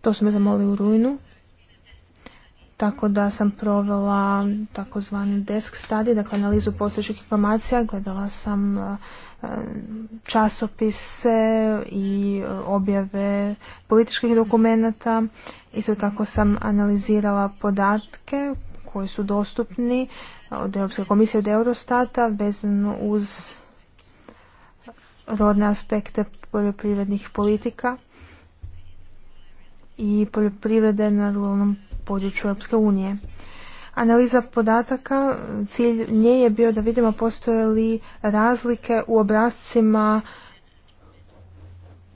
To su me zamolili u rujnu tako da sam provela takozvani desk study, dakle analizu postojećih informacija, gledala sam e, časopise i e, objave političkih dokumenata. Isto tako sam analizirala podatke koji su dostupni od Europske komisije od Eurostata vezano uz rodne aspekte poljoprivrednih politika i poljoprivrede na ruralnom području Europske unije. Analiza podataka, cilj nje je bio da vidimo postoje li razlike u obrazcima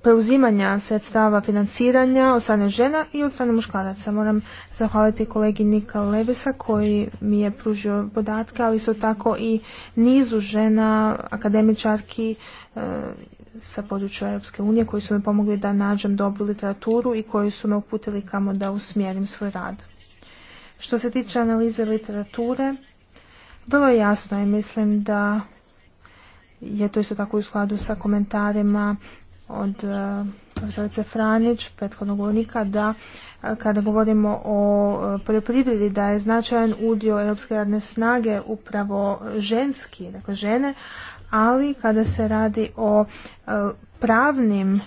preuzimanja sredstava financiranja od strane žena i od strane muškaraca. Moram zahvaliti kolegi Nika Levesa koji mi je pružio podatke, ali isto tako i nizu žena, akademičarki e, sa područja Europske unije koji su mi pomogli da nađem dobru literaturu i koji su me uputili kamo da usmjerim svoj rad. Što se tiče analize literature, vrlo je jasno i mislim da je to isto tako u skladu sa komentarima od e, profesorice Franić, prethodnog govornika, da e, kada govorimo o e, poljoprivredi da je značajan udio europske radne snage upravo ženski, dakle žene, ali kada se radi o pravnim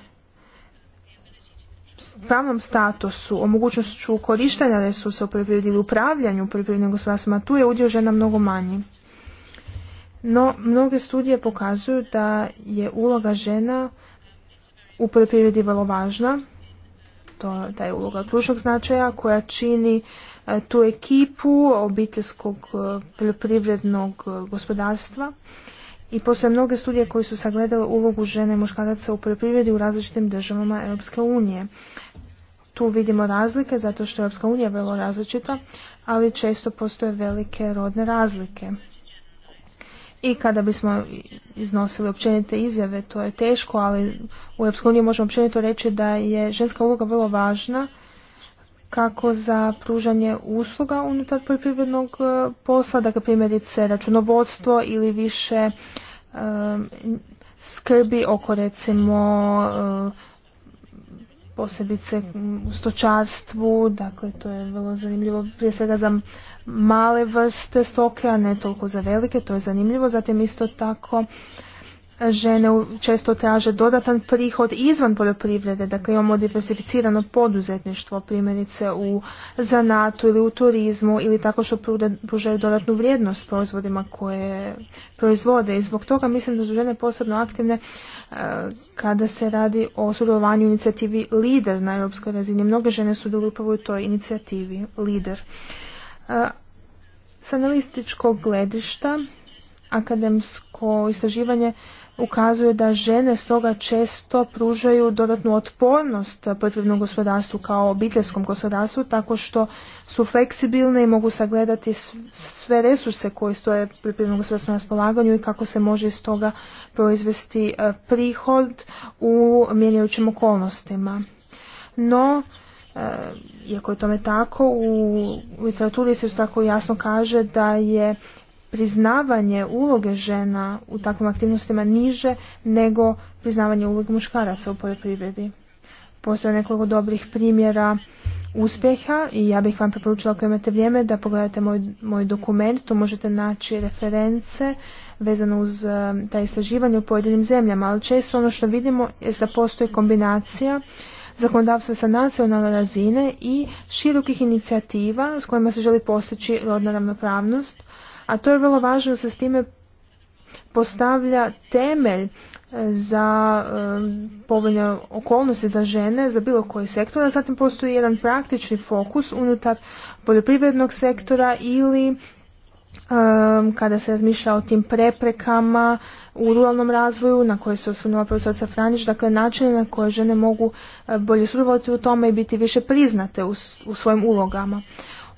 pravnom statusu, o mogućnošću korištenja resursa u poljoprivredi ili upravljanju poljoprivrednim gospodarstvima, tu je udio žena mnogo manji. No, mnoge studije pokazuju da je uloga žena u poljoprivredi vrlo važna. To, ta je uloga ključnog značaja koja čini e, tu ekipu obiteljskog e, poljoprivrednog e, gospodarstva. I postoje mnoge studije koje su sagledale ulogu žene i muškaraca u poljoprivredi u različitim državama Europske unije. Tu vidimo razlike zato što je Europska unija vrlo različita, ali često postoje velike rodne razlike i kada bismo iznosili općenite izjave, to je teško, ali u EU možemo općenito reći da je ženska uloga vrlo važna kako za pružanje usluga unutar poljoprivrednog e, posla, dakle primjerice računovodstvo ili više e, skrbi oko recimo e, posebice u stočarstvu, dakle to je vrlo zanimljivo prije svega za male vrste stoke, a ne toliko za velike, to je zanimljivo. Zatim isto tako žene često traže dodatan prihod izvan poljoprivrede, dakle imamo diversificirano poduzetništvo, primjerice u zanatu ili u turizmu ili tako što pružaju dodatnu vrijednost proizvodima koje proizvode i zbog toga mislim da su žene posebno aktivne e, kada se radi o sudjelovanju inicijativi LIDER na europskoj razini. Mnoge žene su upravo u toj inicijativi LIDER. S analističkog gledišta akademsko istraživanje ukazuje da žene stoga često pružaju dodatnu otpornost poljoprivrednom gospodarstvu kao obiteljskom gospodarstvu tako što su fleksibilne i mogu sagledati sve resurse koje stoje poljoprivrednom gospodarstvu na raspolaganju i kako se može iz toga proizvesti e, prihod u mijenjajućim okolnostima. No, Eh, iako je tome tako, u literaturi se tako jasno kaže da je priznavanje uloge žena u takvim aktivnostima niže nego priznavanje uloge muškaraca u poljoprivredi. Postoje nekoliko dobrih primjera uspjeha i ja bih vam preporučila ako imate vrijeme da pogledate moj, moj dokument, tu možete naći reference vezano uz eh, ta istraživanja u pojedinim zemljama, ali često ono što vidimo je da postoji kombinacija zakonodavstva sa nacionalne razine i širokih inicijativa s kojima se želi postići rodna ravnopravnost, a to je vrlo važno se s time postavlja temelj e, za e, povoljne okolnosti za žene, za bilo koji sektor, a zatim postoji jedan praktični fokus unutar poljoprivrednog sektora ili kada se razmišlja o tim preprekama u ruralnom razvoju na koje se osvrnula profesorica Franić, dakle načine na koje žene mogu eh, bolje sudjelovati u tome i biti više priznate u svojim ulogama.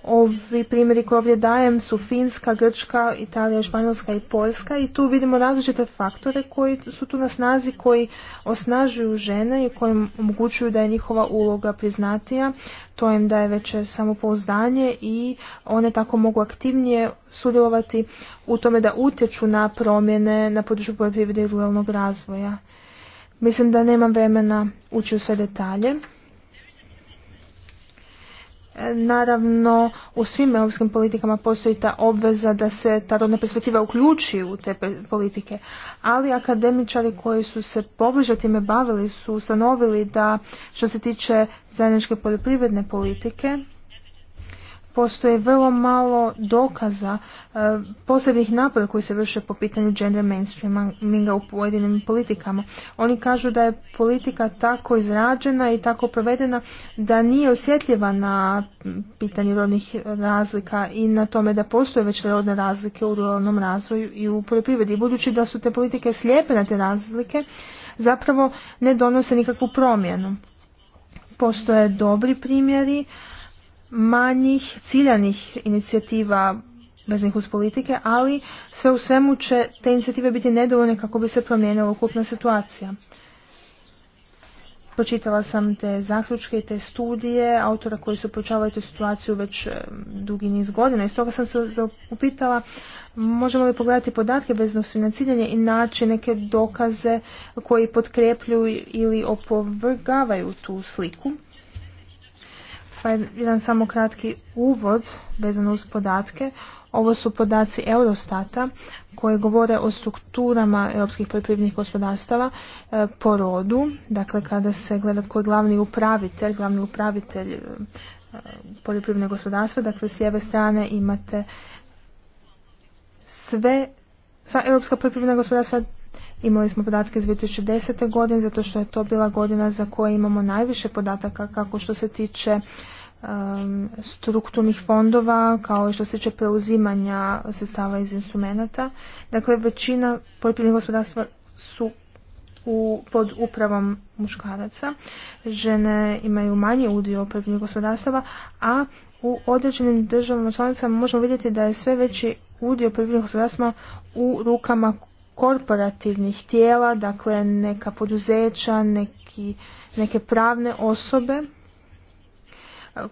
Ovi primjeri koje ovdje dajem su Finska, Grčka, Italija, Španjolska i Poljska i tu vidimo različite faktore koji su tu na snazi, koji osnažuju žene i koji omogućuju da je njihova uloga priznatija, to im daje veće samopouzdanje i one tako mogu aktivnije sudjelovati u tome da utječu na promjene na području poljoprivrede i ruralnog razvoja. Mislim da nemam vremena ući u sve detalje. Naravno, u svim europskim politikama postoji ta obveza da se ta rodna perspektiva uključi u te politike, ali akademičari koji su se pobliže time bavili su ustanovili da što se tiče zajedničke poljoprivredne politike, postoje vrlo malo dokaza e, posebnih napora koji se vrše po pitanju gender mainstreaminga u pojedinim politikama. Oni kažu da je politika tako izrađena i tako provedena da nije osjetljiva na pitanje rodnih razlika i na tome da postoje već rodne razlike u ruralnom razvoju i u poljoprivredi. Budući da su te politike slijepe na te razlike, zapravo ne donose nikakvu promjenu. Postoje dobri primjeri manjih ciljanih inicijativa veznih uz politike, ali sve u svemu će te inicijative biti nedovoljne kako bi se promijenila ukupna situacija. Pročitala sam te zaključke i te studije autora koji su počavali tu situaciju već e, dugi niz godina i stoga sam se upitala možemo li pogledati podatke vezano s ciljanje i naći neke dokaze koji potkrepljuju ili opovrgavaju tu sliku. Pa jedan samo kratki uvod vezano uz podatke. Ovo su podaci Eurostata koje govore o strukturama europskih poljoprivrednih gospodarstava e, po rodu. Dakle, kada se gleda tko je glavni upravitelj, glavni upravitelj e, poljoprivrednog gospodarstva, dakle s lijeve strane imate sve, sva europska poljoprivredna gospodarstva Imali smo podatke iz 2010. godine zato što je to bila godina za koje imamo najviše podataka kako što se tiče um, strukturnih fondova kao i što se tiče preuzimanja sredstava iz instrumenata. Dakle, većina poljoprivrednih gospodarstva su pod upravom muškaraca. Žene imaju manji udio poljoprivrednih gospodarstava, a u određenim državama članicama možemo vidjeti da je sve veći udio poljoprivrednih gospodarstva u rukama korporativnih tijela, dakle neka poduzeća, neke pravne osobe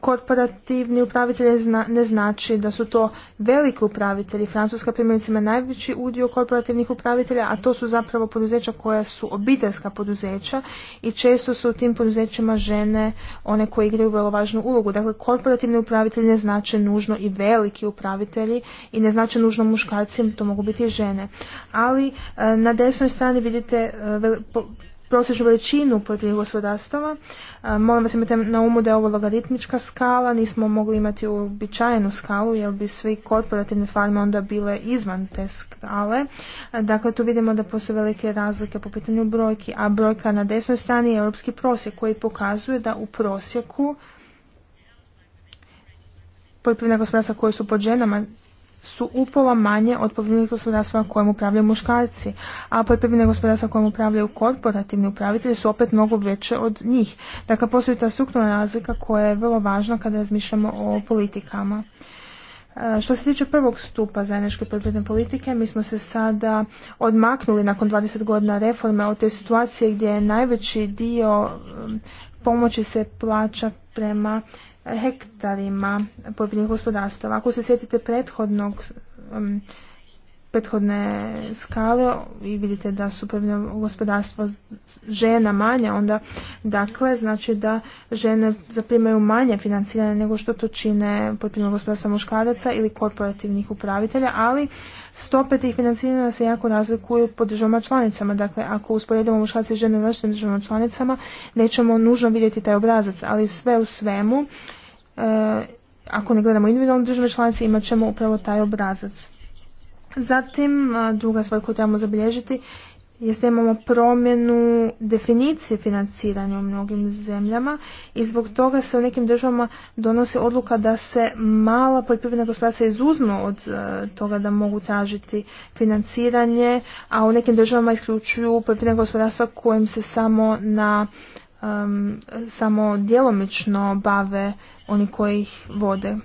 korporativni upravitelji ne znači da su to veliki upravitelji. Francuska primjerice ima najveći udio korporativnih upravitelja, a to su zapravo poduzeća koja su obiteljska poduzeća i često su u tim poduzećima žene one koje igraju vrlo važnu ulogu. Dakle, korporativni upravitelji ne znače nužno i veliki upravitelji i ne znače nužno muškarci, to mogu biti i žene. Ali eh, na desnoj strani vidite eh, prosječnu veličinu poljoprivrednih gospodarstava. E, molim vas imate na umu da je ovo logaritmička skala, nismo mogli imati uobičajenu skalu jer bi svi korporativne farme onda bile izvan te skale. E, dakle, tu vidimo da postoje velike razlike po pitanju brojki, a brojka na desnoj strani je europski prosjek koji pokazuje da u prosjeku poljoprivredna gospodarstva koja su pod ženama su upola manje od poljoprivrednih gospodarstva kojim upravljaju muškarci, a poljoprivredne gospodarstva kojim upravljaju korporativni upravitelji su opet mnogo veće od njih. Dakle, postoji ta strukturna razlika koja je vrlo važna kada razmišljamo o politikama. E, što se tiče prvog stupa zajedničke poljoprivredne politike, mi smo se sada odmaknuli nakon 20 godina reforme od te situacije gdje je najveći dio e, pomoći se plaća prema hektarima poljoprivrednih gospodarstava. Ako se sjetite prethodnog prethodne skale i vidite da su gospodarstva gospodarstvo žena manja, onda dakle znači da žene zaprimaju manje financiranje nego što to čine potpuno gospodarstva muškaraca ili korporativnih upravitelja, ali stope tih financiranja se jako razlikuju po državama članicama. Dakle, ako usporedimo muškarce i žene u različitim državama članicama, nećemo nužno vidjeti taj obrazac, ali sve u svemu, e, ako ne gledamo individualne države članice, imat ćemo upravo taj obrazac. Zatim, e, druga stvar koju trebamo zabilježiti jeste imamo promjenu definicije financiranja u mnogim zemljama i zbog toga se u nekim državama donosi odluka da se mala poljoprivredna gospodarstva izuzmu od e, toga da mogu tražiti financiranje, a u nekim državama isključuju poljoprivredna gospodarstva kojim se samo na samo djelomično bave oni koji ih vode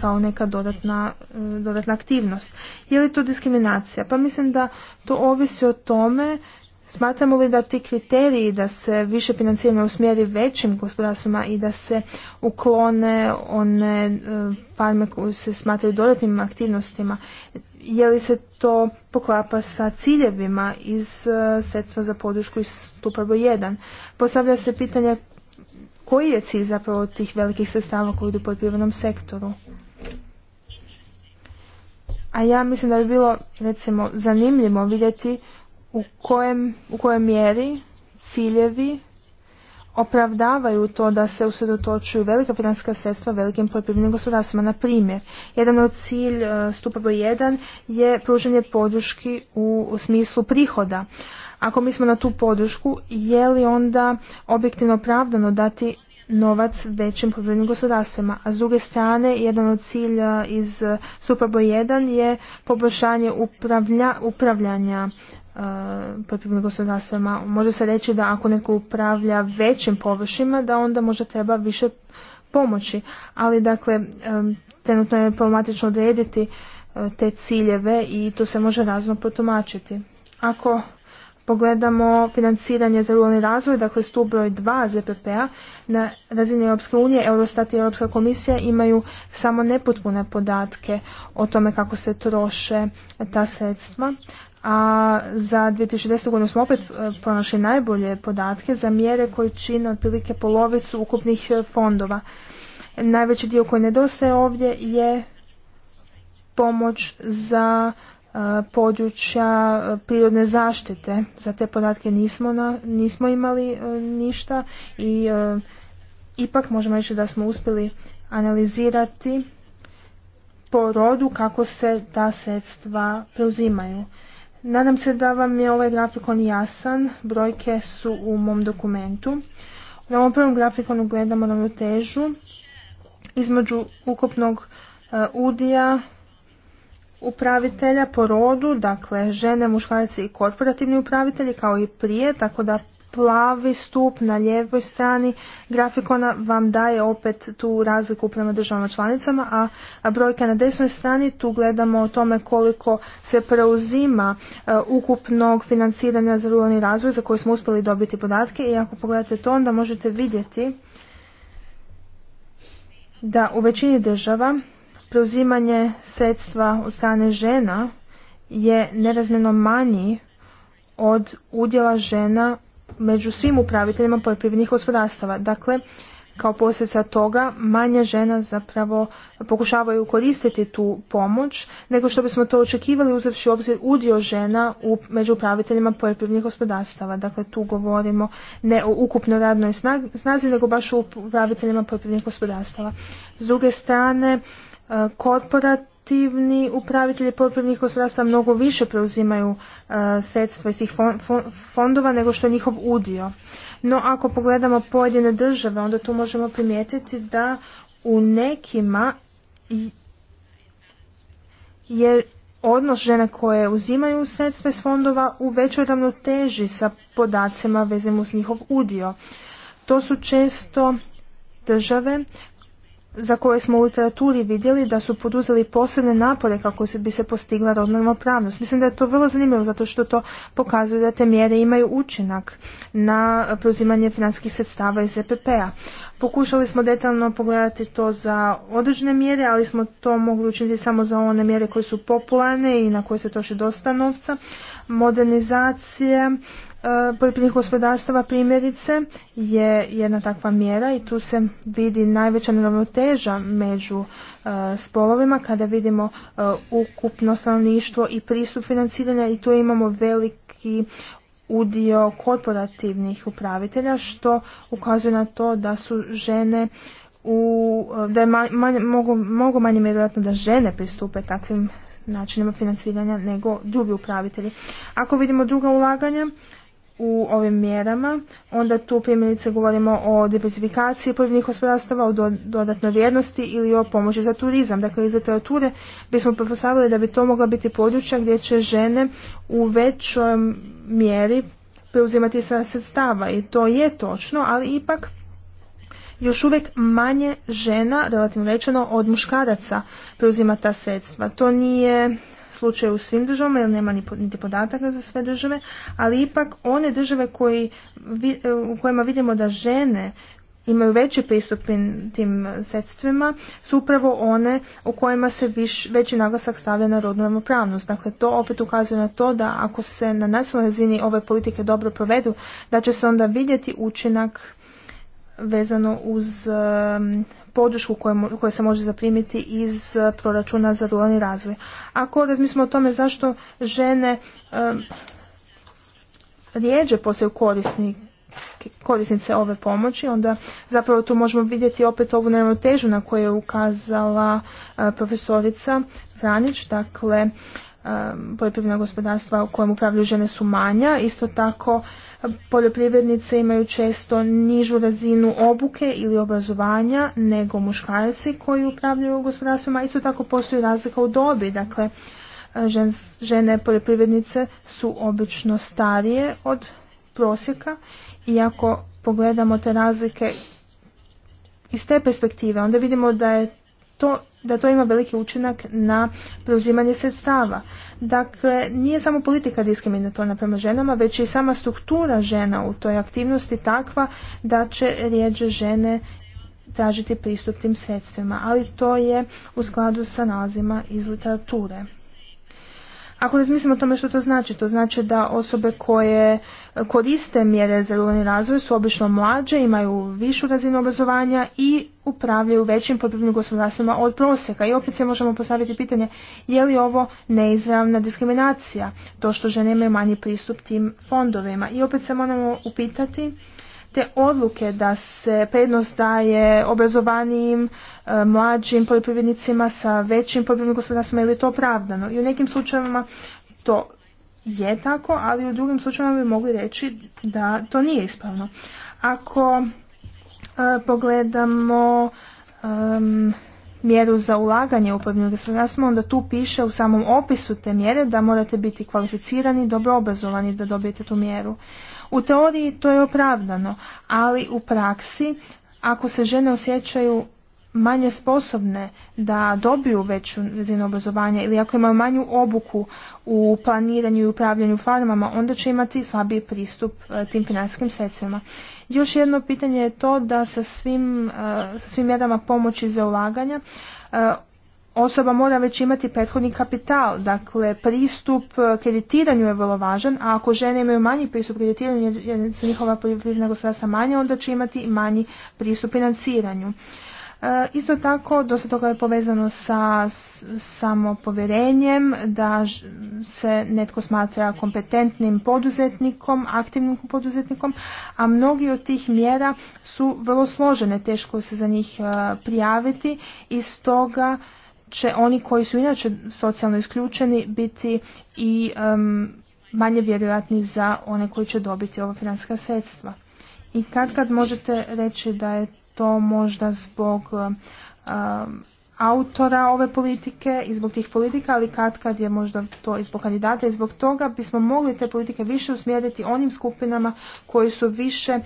kao neka dodatna, e, dodatna aktivnost. Je li to diskriminacija? Pa mislim da to ovisi o tome Smatramo li da ti kriteriji da se više financiranje usmjeri većim gospodarstvima i da se uklone one e, farme koje se smatraju dodatnim aktivnostima, je li se to poklapa sa ciljevima iz e, sredstva za podršku iz stupa 1? Postavlja se pitanje koji je cilj zapravo tih velikih sredstava koji idu u poljoprivrednom sektoru? A ja mislim da bi bilo recimo zanimljivo vidjeti u, kojem, u kojoj mjeri ciljevi opravdavaju to da se usredotočuju velika financijska sredstva velikim poljoprivrednim gospodarstvima. Na primjer, jedan od cilj e, stupa broj 1 je pružanje podrški u, smislu prihoda. Ako smo na tu podršku, je li onda objektivno opravdano dati novac većim poljoprivrednim gospodarstvima. A s druge strane, jedan od cilja iz eh, Superboj 1 je poboljšanje upravlja, upravljanja uh, poljoprivrednim gospodarstvima. Može se reći da ako neko upravlja većim površima, da onda možda treba više pomoći. Ali dakle, trenutno je problematično odrediti eh, te ciljeve i to se može razno protumačiti. Ako pogledamo financiranje za ruralni razvoj, dakle stup broj 2 ZPP-a, na razini Europske unije, Eurostat i Europska komisija imaju samo nepotpune podatke o tome kako se troše ta sredstva. A za 2010. godinu smo opet e, pronašli najbolje podatke za mjere koje čine otprilike polovicu ukupnih e, fondova. Najveći dio koji nedostaje ovdje je pomoć za područja e, prirodne zaštite. Za te podatke nismo, nismo imali e, ništa i e, ipak možemo reći da smo uspjeli analizirati po rodu kako se ta sredstva preuzimaju. Nadam se da vam je ovaj grafikon jasan, brojke su u mom dokumentu. Na ovom prvom grafikonu gledamo ravnotežu između ukupnog udija upravitelja po rodu, dakle žene, muškarci i korporativni upravitelji kao i prije, tako da plavi stup na lijevoj strani grafikona vam daje opet tu razliku prema državama članicama, a brojka na desnoj strani tu gledamo o tome koliko se preuzima e, ukupnog financiranja za ruralni razvoj za koji smo uspjeli dobiti podatke i ako pogledate to onda možete vidjeti da u većini država preuzimanje sredstva od strane žena je nerazmjerno manji od udjela žena među svim upraviteljima poljoprivrednih gospodarstava. Dakle, kao posljedica toga manje žena zapravo pokušavaju koristiti tu pomoć nego što bismo to očekivali uzavši u obzir udio žena u, među upraviteljima poljoprivrednih gospodarstava. Dakle, tu govorimo ne o ukupnoj radnoj snazi, nego baš o upraviteljima poljoprivrednih gospodarstava. S druge strane, E, korporativni upravitelji poljoprivrednih gospodarstva mnogo više preuzimaju e, sredstva iz tih fondova nego što je njihov udio. No ako pogledamo pojedine države, onda tu možemo primijetiti da u nekima je odnos žena koje uzimaju sredstva iz fondova u većoj ravnoteži sa podacima vezanim uz njihov udio. To su često države za koje smo u literaturi vidjeli da su poduzeli posebne napore kako bi se postigla rodna ravnopravnost. Mislim da je to vrlo zanimljivo zato što to pokazuje da te mjere imaju učinak na preuzimanje financijskih sredstava iz EPP-a. Pokušali smo detaljno pogledati to za određene mjere, ali smo to mogli učiniti samo za one mjere koje su popularne i na koje se troši dosta novca. Modernizacije poljoprivrednih gospodarstava primjerice je jedna takva mjera i tu se vidi najveća neravnoteža među e, spolovima kada vidimo e, ukupno stanovništvo i pristup financiranja i tu imamo veliki udio korporativnih upravitelja što ukazuje na to da su žene u, da je mogu, mogu manje vjerojatno da žene pristupe takvim načinima financiranja nego drugi upravitelji. Ako vidimo druga ulaganja, u ovim mjerama, onda tu primjerice govorimo o diversifikaciji pojedinih gospodarstava, o dodatnoj vrijednosti ili o pomoći za turizam. Dakle, iz literature bismo pretpostavili da bi to mogla biti područja gdje će žene u većoj mjeri preuzimati sredstava i to je točno, ali ipak još uvijek manje žena, relativno rečeno, od muškaraca preuzima ta sredstva. To nije slučaju u svim državama jer nema niti podataka za sve države, ali ipak one države koji, u kojima vidimo da žene imaju veći pristup tim sredstvima su upravo one u kojima se viš, veći naglasak stavlja na rodnu ravnopravnost. Dakle, to opet ukazuje na to da ako se na nacionalnoj razini ove politike dobro provedu, da će se onda vidjeti učinak vezano uz podršku koja se može zaprimiti iz e, proračuna za ruralni razvoj. Ako razmislimo o tome zašto žene rjeđe rijeđe postaju korisnik, korisnice ove pomoći, onda zapravo tu možemo vidjeti opet ovu neravnotežu na koju je ukazala e, profesorica Vranić, dakle poljoprivredna gospodarstva u kojem upravljaju žene su manja, isto tako poljoprivrednice imaju često nižu razinu obuke ili obrazovanja nego muškarci koji upravljaju gospodarstvima. Isto tako postoji razlika u dobi. Dakle, žene poljoprivrednice su obično starije od prosjeka i ako pogledamo te razlike iz te perspektive, onda vidimo da je to da to ima veliki učinak na preuzimanje sredstava. Dakle, nije samo politika diskriminatorna prema ženama, već i sama struktura žena u toj aktivnosti takva da će rijeđe žene tražiti pristup tim sredstvima, ali to je u skladu sa nalazima iz literature. Ako razmislimo o tome što to znači, to znači da osobe koje koriste mjere za ruralni razvoj su obično mlađe, imaju višu razinu obrazovanja i upravljaju većim poljoprivrednim gospodarstvima od prosjeka. I opet se možemo postaviti pitanje je li ovo neizravna diskriminacija, to što žene imaju manji pristup tim fondovima. I opet se moramo upitati te odluke da se prednost daje obrazovanijim, e, mlađim poljoprivrednicima sa većim poljoprivrednim gospodarstvima, je to opravdano? I u nekim slučajevima to je tako, ali u drugim slučajevima bi mogli reći da to nije ispravno. Ako e, pogledamo mjeru za ulaganje u poljoprivredno gospodarstvo, onda tu piše u samom opisu te mjere da morate biti kvalificirani, dobro obrazovani da dobijete tu mjeru. U teoriji to je opravdano, ali u praksi ako se žene osjećaju manje sposobne da dobiju veću razinu obrazovanja ili ako imaju manju obuku u planiranju i upravljanju farmama, onda će imati slabiji pristup e, tim financijskim sredstvima. Još jedno pitanje je to da sa svim, e, sa svim mjerama pomoći za ulaganja e, osoba mora već imati prethodni kapital, dakle pristup e, kreditiranju je vrlo važan, a ako žene imaju manji pristup kreditiranju jer su njihova poljoprivredna gospodarstva manja, onda će imati manji pristup financiranju. E, isto tako, dosta toga je povezano sa samopovjerenjem, da se netko smatra kompetentnim poduzetnikom, aktivnim poduzetnikom, a mnogi od tih mjera su vrlo složene, teško se za njih e, prijaviti i stoga će oni koji su inače socijalno isključeni biti i manje vjerojatni za one koji će dobiti ova financijska sredstva. I kad kad možete reći da je to možda zbog autora ove politike i zbog tih politika, ali kad kad je možda to i zbog kandidata i zbog toga bismo mogli te politike više usmjeriti onim skupinama koji su više e,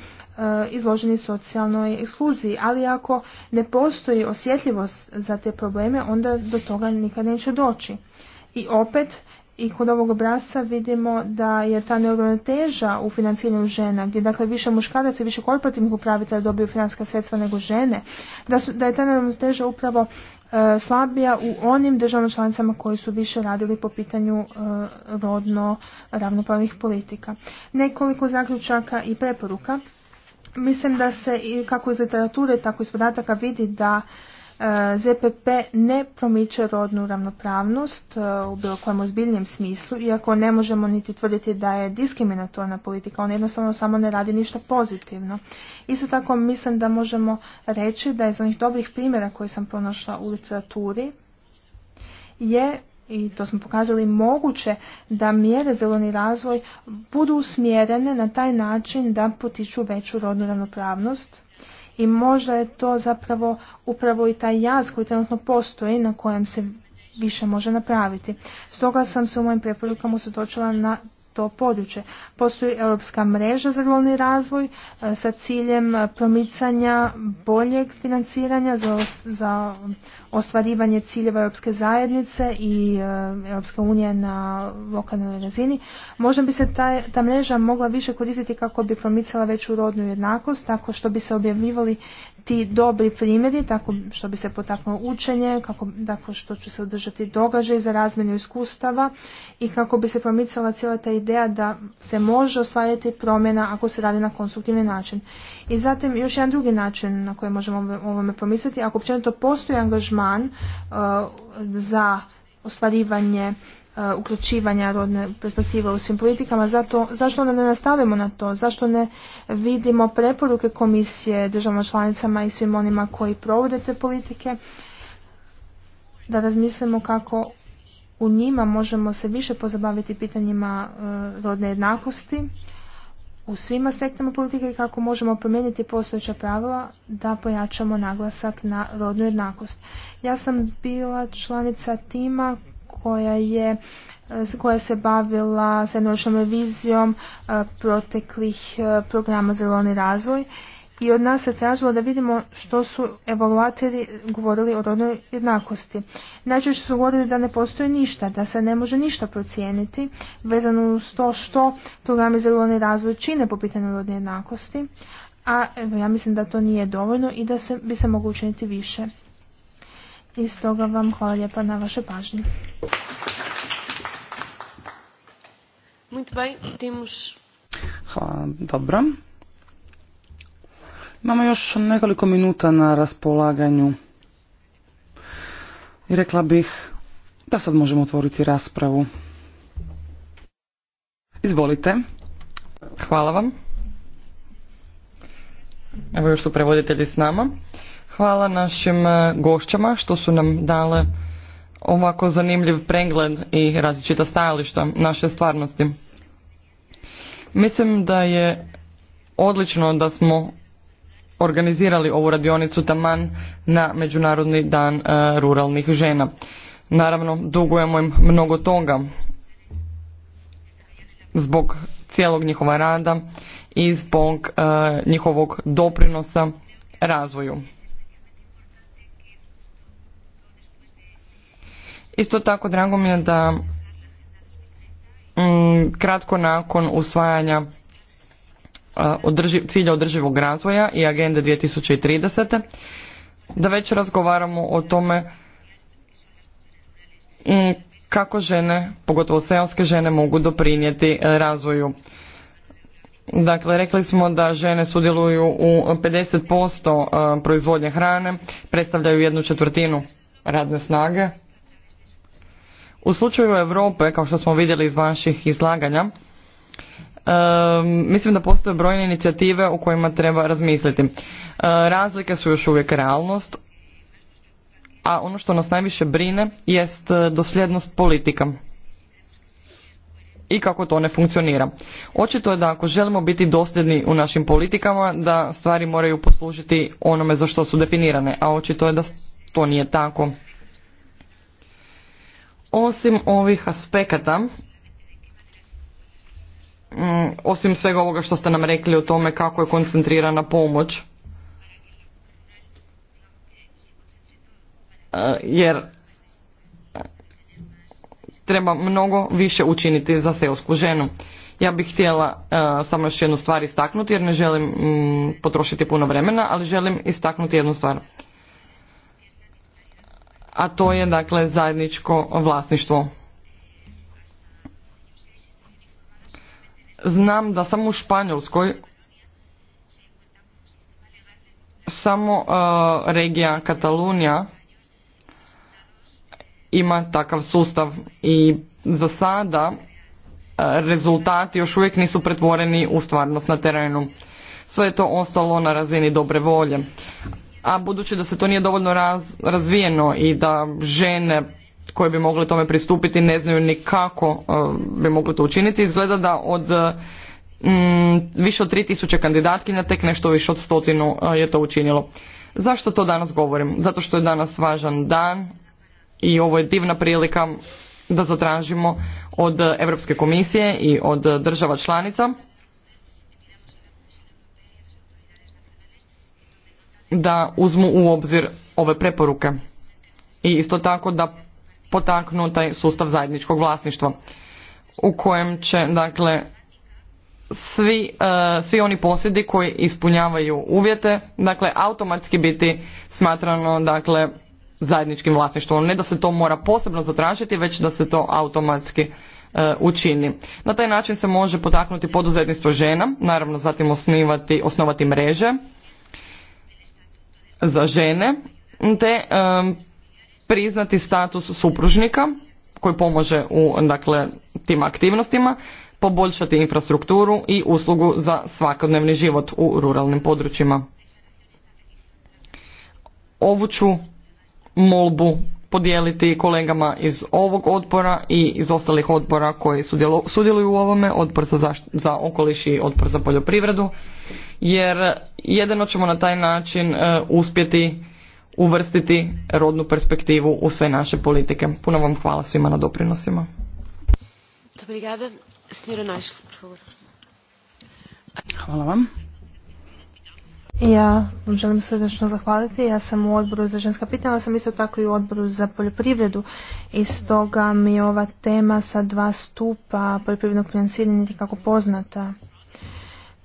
izloženi socijalnoj ekskluziji. Ali ako ne postoji osjetljivost za te probleme, onda do toga nikad neće doći. I opet, i kod ovog obrasca vidimo da je ta teža u financiranju žena, gdje dakle više muškaraca i više korporativnih upravitelja dobiju financijska sredstva nego žene, da, su, da je ta teža upravo E, slabija u onim državama članicama koji su više radili po pitanju e, rodno ravnopravnih politika. Nekoliko zaključaka i preporuka. Mislim da se kako iz literature, tako iz podataka vidi da E, ZPP ne promiče rodnu ravnopravnost e, u bilo kojem ozbiljnijem smislu, iako ne možemo niti tvrditi da je diskriminatorna politika, on jednostavno samo ne radi ništa pozitivno. Isto tako mislim da možemo reći da iz onih dobrih primjera koje sam pronašla u literaturi je i to smo pokazali moguće da mjere zeleni razvoj budu usmjerene na taj način da potiču veću rodnu ravnopravnost i možda je to zapravo upravo i taj jaz koji trenutno postoji na kojem se više može napraviti. Stoga sam se u mojim preporukama usatočila na to područje. Postoji Europska mreža za ruralni razvoj e, sa ciljem promicanja boljeg financiranja za, za ostvarivanje ciljeva Europske zajednice i e, Europske unije na lokalnoj razini. Možda bi se ta, ta mreža mogla više koristiti kako bi promicala veću rodnu jednakost, tako što bi se objavljivali ti dobri primjeri, tako što bi se potaknulo učenje, kako, tako što će se održati događaj za razmjenu iskustava i kako bi se promicala cijela ta ideja da se može ostvariti promjena ako se radi na konstruktivni način. I zatim još jedan drugi način na koji možemo ovome promisliti, ako općenito postoji angažman uh, za ostvarivanje Eh, uključivanja rodne perspektive u svim politikama. Zato, zašto ne nastavimo na to? Zašto ne vidimo preporuke komisije državama članicama i svim onima koji provode te politike? Da razmislimo kako u njima možemo se više pozabaviti pitanjima eh, rodne jednakosti u svim aspektima politike i kako možemo promijeniti postojeća pravila da pojačamo naglasak na rodnu jednakost. Ja sam bila članica tima koja je koja se bavila sa srednjoročnom revizijom e, proteklih e, programa za rolni razvoj i od nas se tražilo da vidimo što su evaluatori govorili o rodnoj jednakosti. Najčešće su govorili da ne postoji ništa, da se ne može ništa procijeniti vezano uz to što programi za rolni razvoj čine po pitanju rodne jednakosti, a ja mislim da to nije dovoljno i da se, bi se moglo učiniti više. I stoga vam hvala lijepa na vaše pažnje. Muito bem, temos... Hvala, dobro. Imamo još nekoliko minuta na raspolaganju. I rekla bih da sad možemo otvoriti raspravu. Izvolite. Hvala vam. Evo još su prevoditelji s nama. Hvala našim e, gošćama što su nam dale ovako zanimljiv pregled i različita stajališta naše stvarnosti. Mislim da je odlično da smo organizirali ovu radionicu taman na Međunarodni dan e, ruralnih žena. Naravno, dugujemo im mnogo toga zbog cijelog njihova rada i zbog e, njihovog doprinosa razvoju. Isto tako drago mi je da mm, kratko nakon usvajanja cilja održivog razvoja i agende 2030. da već razgovaramo o tome mm, kako žene, pogotovo seoske žene, mogu doprinijeti e, razvoju. Dakle, rekli smo da žene sudjeluju u 50% e, proizvodnje hrane, predstavljaju jednu četvrtinu radne snage u slučaju Europe, kao što smo vidjeli iz vaših izlaganja, mislim da postoje brojne inicijative o kojima treba razmisliti. E, razlike su još uvijek realnost, a ono što nas najviše brine jest e, dosljednost politika i kako to ne funkcionira. Očito je da ako želimo biti dosljedni u našim politikama, da stvari moraju poslužiti onome za što su definirane, a očito je da to nije tako. Osim ovih aspekata, mm, osim svega ovoga što ste nam rekli o tome kako je koncentrirana pomoć, e, jer treba mnogo više učiniti za seosku ženu. Ja bih htjela e, samo još jednu stvar istaknuti jer ne želim mm, potrošiti puno vremena, ali želim istaknuti jednu stvar a to je dakle zajedničko vlasništvo. Znam da samo u Španjolskoj samo e, regija Katalunija ima takav sustav i za sada e, rezultati još uvijek nisu pretvoreni u stvarnost na terenu. Sve je to ostalo na razini dobre volje a budući da se to nije dovoljno razvijeno i da žene koje bi mogle tome pristupiti ne znaju ni kako e, bi mogli to učiniti, izgleda da od e, više od 3000 kandidatkinja tek nešto više od stotinu e, je to učinilo. Zašto to danas govorim? Zato što je danas važan dan i ovo je divna prilika da zatražimo od Europske komisije i od država članica da uzmu u obzir ove preporuke i isto tako da potaknu taj sustav zajedničkog vlasništva u kojem će dakle svi, e, svi oni posjedi koji ispunjavaju uvjete dakle automatski biti smatrano dakle zajedničkim vlasništvom. Ne da se to mora posebno zatražiti, već da se to automatski e, učini. Na taj način se može potaknuti poduzetništvo žena, naravno zatim osnivati, osnovati mreže za žene te priznati status supružnika koji pomaže u dakle, tim aktivnostima, poboljšati infrastrukturu i uslugu za svakodnevni život u ruralnim područjima. Ovu ću molbu podijeliti kolegama iz ovog odbora i iz ostalih odbora koji sudjeluju u ovome, odbor za, okoliš i odbor za poljoprivredu, jer jedino ćemo na taj način e, uspjeti uvrstiti rodnu perspektivu u sve naše politike. Puno vam hvala svima na doprinosima. Hvala vam. Ja vam želim srdečno zahvaliti. Ja sam u odboru za ženska pitanja, ali sam isto tako i u odboru za poljoprivredu. I stoga mi je ova tema sa dva stupa poljoprivrednog financiranja niti kako poznata.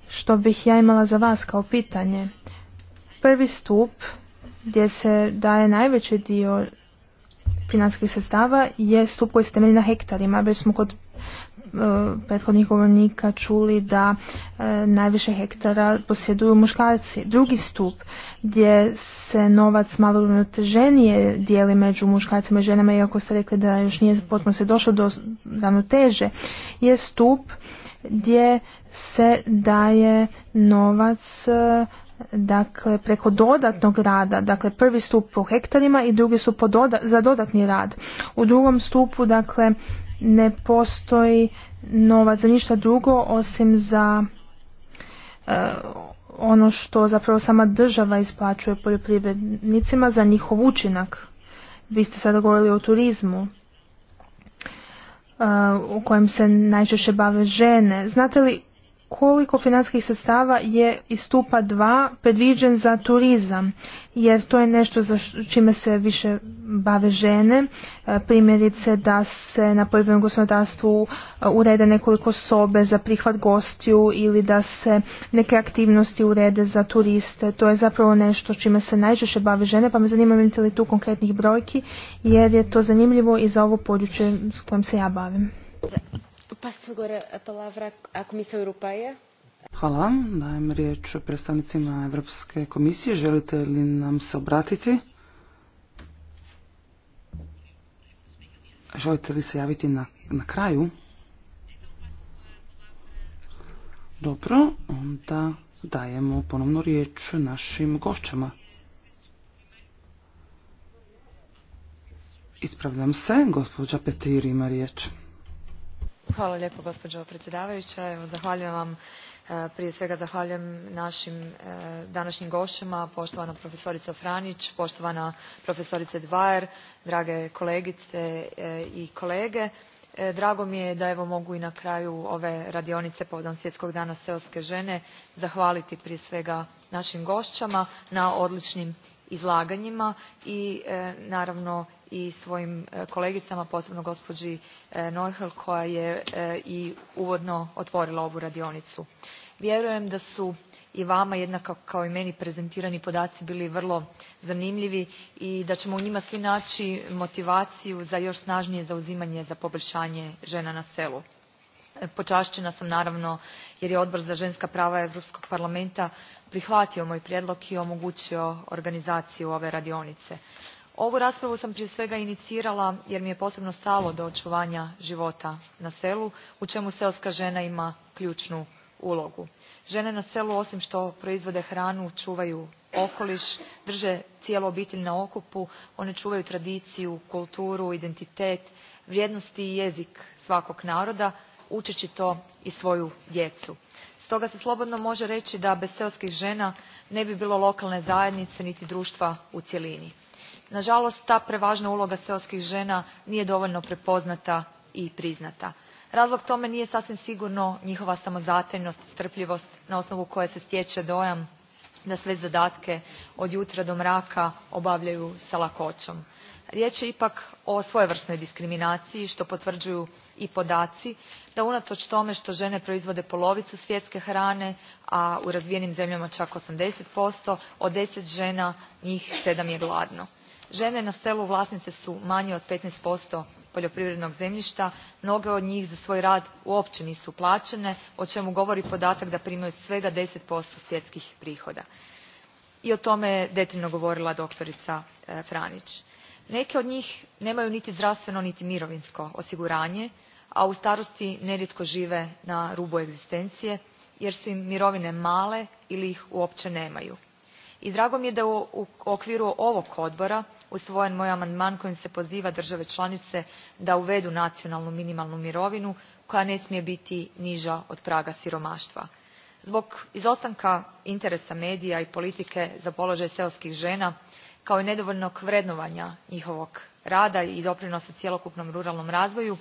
Što bih ja imala za vas kao pitanje? Prvi stup gdje se daje najveći dio financijskih sredstava je stup koji se temelji na hektarima. Već smo kod E, prethodnih govornika čuli da e, najviše hektara posjeduju muškarci. Drugi stup gdje se novac malo ravnoteženije dijeli među muškarcima i ženama, iako ste rekli da još nije potpuno se došlo do ravnoteže, je stup gdje se daje novac e, dakle preko dodatnog rada, dakle prvi stup po hektarima i drugi su za dodatni rad. U drugom stupu dakle ne postoji novac za ništa drugo osim za e, ono što zapravo sama država isplaćuje poljoprivrednicima za njihov učinak. Vi ste sada govorili o turizmu e, u kojem se najčešće bave žene. Znate li koliko financijskih sredstava je iz stupa 2 predviđen za turizam, jer to je nešto za čime se više bave žene. E, primjerice da se na poljoprivrednom gospodarstvu e, urede nekoliko sobe za prihvat gostiju ili da se neke aktivnosti urede za turiste. To je zapravo nešto čime se najčešće bave žene, pa me zanima imate li tu konkretnih brojki, jer je to zanimljivo i za ovo područje s kojim se ja bavim. Hvala vam. Dajem riječ predstavnicima Europske komisije. Želite li nam se obratiti? Želite li se javiti na, na kraju? Dobro, onda dajemo ponovno riječ našim gošćama. Ispravljam se, gospođa Petir ima riječ. Hvala lijepo gospođo predsjedavajuća. Evo, zahvaljujem vam e, prije svega zahvaljujem našim e, današnjim gošćama poštovana profesorice franić poštovana profesorice dwyer drage kolegice e, i kolege drago mi je da evo mogu i na kraju ove radionice povodom svjetskog dana seoske žene zahvaliti prije svega našim gošćama na odličnim izlaganjima i e, naravno i svojim e, kolegicama posebno gospođi e, noichl koja je i uvodno otvorila ovu radionicu. vjerujem da su i vama jednako kao i meni prezentirani podaci bili vrlo zanimljivi i da ćemo u njima svi naći motivaciju za još snažnije zauzimanje za poboljšanje žena na selu počašćena sam naravno jer je odbor za ženska prava europskog parlamenta prihvatio moj prijedlog i omogućio organizaciju ove radionice. ovu raspravu sam prije svega inicirala jer mi je posebno stalo do očuvanja života na selu u čemu seoska žena ima ključnu ulogu. žene na selu osim što proizvode hranu čuvaju okoliš drže cijelu obitelj na okupu one čuvaju tradiciju kulturu identitet vrijednosti i jezik svakog naroda učeći to i svoju djecu. stoga se slobodno može reći da bez seoskih žena ne bi bilo lokalne zajednice niti društva u cjelini. nažalost ta prevažna uloga seoskih žena nije dovoljno prepoznata i priznata. razlog tome nije sasvim sigurno njihova samozatajnost strpljivost na osnovu koje se stječe dojam da sve zadatke od jutra do mraka obavljaju sa lakoćom riječ je ipak o svojevrsnoj diskriminaciji što potvrđuju i podaci da unatoč tome što žene proizvode polovicu svjetske hrane a u razvijenim zemljama čak eighty od deset žena njih sedam je gladno. žene na selu vlasnice su manje od fifteen poljoprivrednog zemljišta mnoge od njih za svoj rad uopće nisu plaćene o čemu govori podatak da primaju svega ten svjetskih prihoda i o tome je detaljno govorila doktorica eh, franić neke od njih nemaju niti zdravstveno niti mirovinsko osiguranje a u starosti nerijetko žive na rubu egzistencije jer su im mirovine male ili ih uopće nemaju i drago mi je da je u okviru ovog odbora usvojen moj amandman kojim se poziva države članice da uvedu nacionalnu minimalnu mirovinu koja ne smije biti niža od praga siromaštva. zbog izostanka interesa medija i politike za položaj seoskih žena kao i nedovoljnog vrednovanja njihovog rada i doprinosa cjelokupnom ruralnom razvoju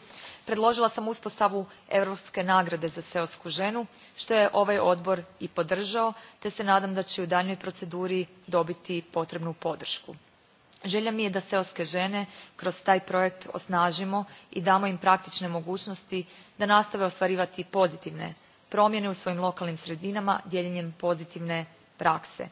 predložila sam uspostavu europske nagrade za seosku ženu, što je ovaj odbor i podržao, te se nadam da će u daljnjoj proceduri dobiti potrebnu podršku. Želja mi je da seoske žene kroz taj projekt osnažimo i damo im praktične mogućnosti da nastave ostvarivati pozitivne promjene u svojim lokalnim sredinama dijeljenjem pozitivne prakse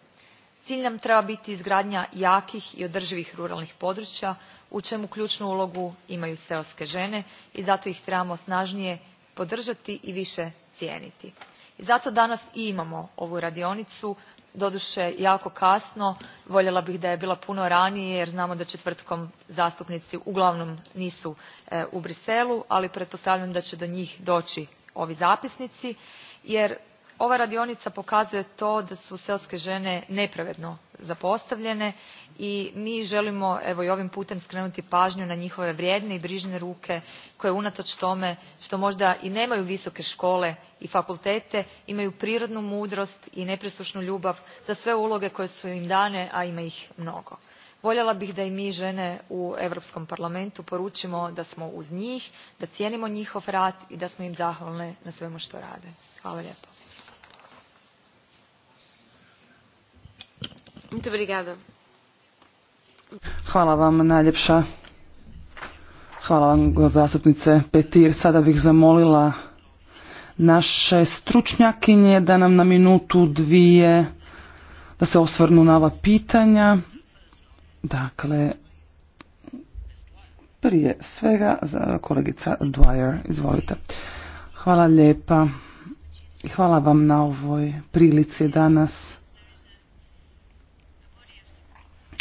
cilj nam treba biti izgradnja jakih i održivih ruralnih područja u čemu ključnu ulogu imaju seoske žene i zato ih trebamo snažnije podržati i više cijeniti. i zato danas i imamo ovu radionicu doduše jako kasno voljela bih da je bila puno ranije jer znamo da četvrtkom zastupnici uglavnom nisu e, u bruxellesu ali pretpostavljam da će do njih doći ovi zapisnici jer ova radionica pokazuje to da su seoske žene nepravedno zapostavljene i mi želimo evo i ovim putem skrenuti pažnju na njihove vrijedne i brižne ruke koje unatoč tome što možda i nemaju visoke škole i fakultete imaju prirodnu mudrost i nepresušnu ljubav za sve uloge koje su im dane a ima ih mnogo. voljela bih da i mi žene u europskom parlamentu poručimo da smo uz njih da cijenimo njihov rad i da smo im zahvalne na svemu što rade. hvala lijepo. Hvala vam najljepša. Hvala vam zastupnice Petir. Sada bih zamolila naše stručnjakinje da nam na minutu dvije da se osvrnu na ova pitanja. Dakle, prije svega za kolegica Dwyer. Izvolite. Hvala lijepa i hvala vam na ovoj prilici danas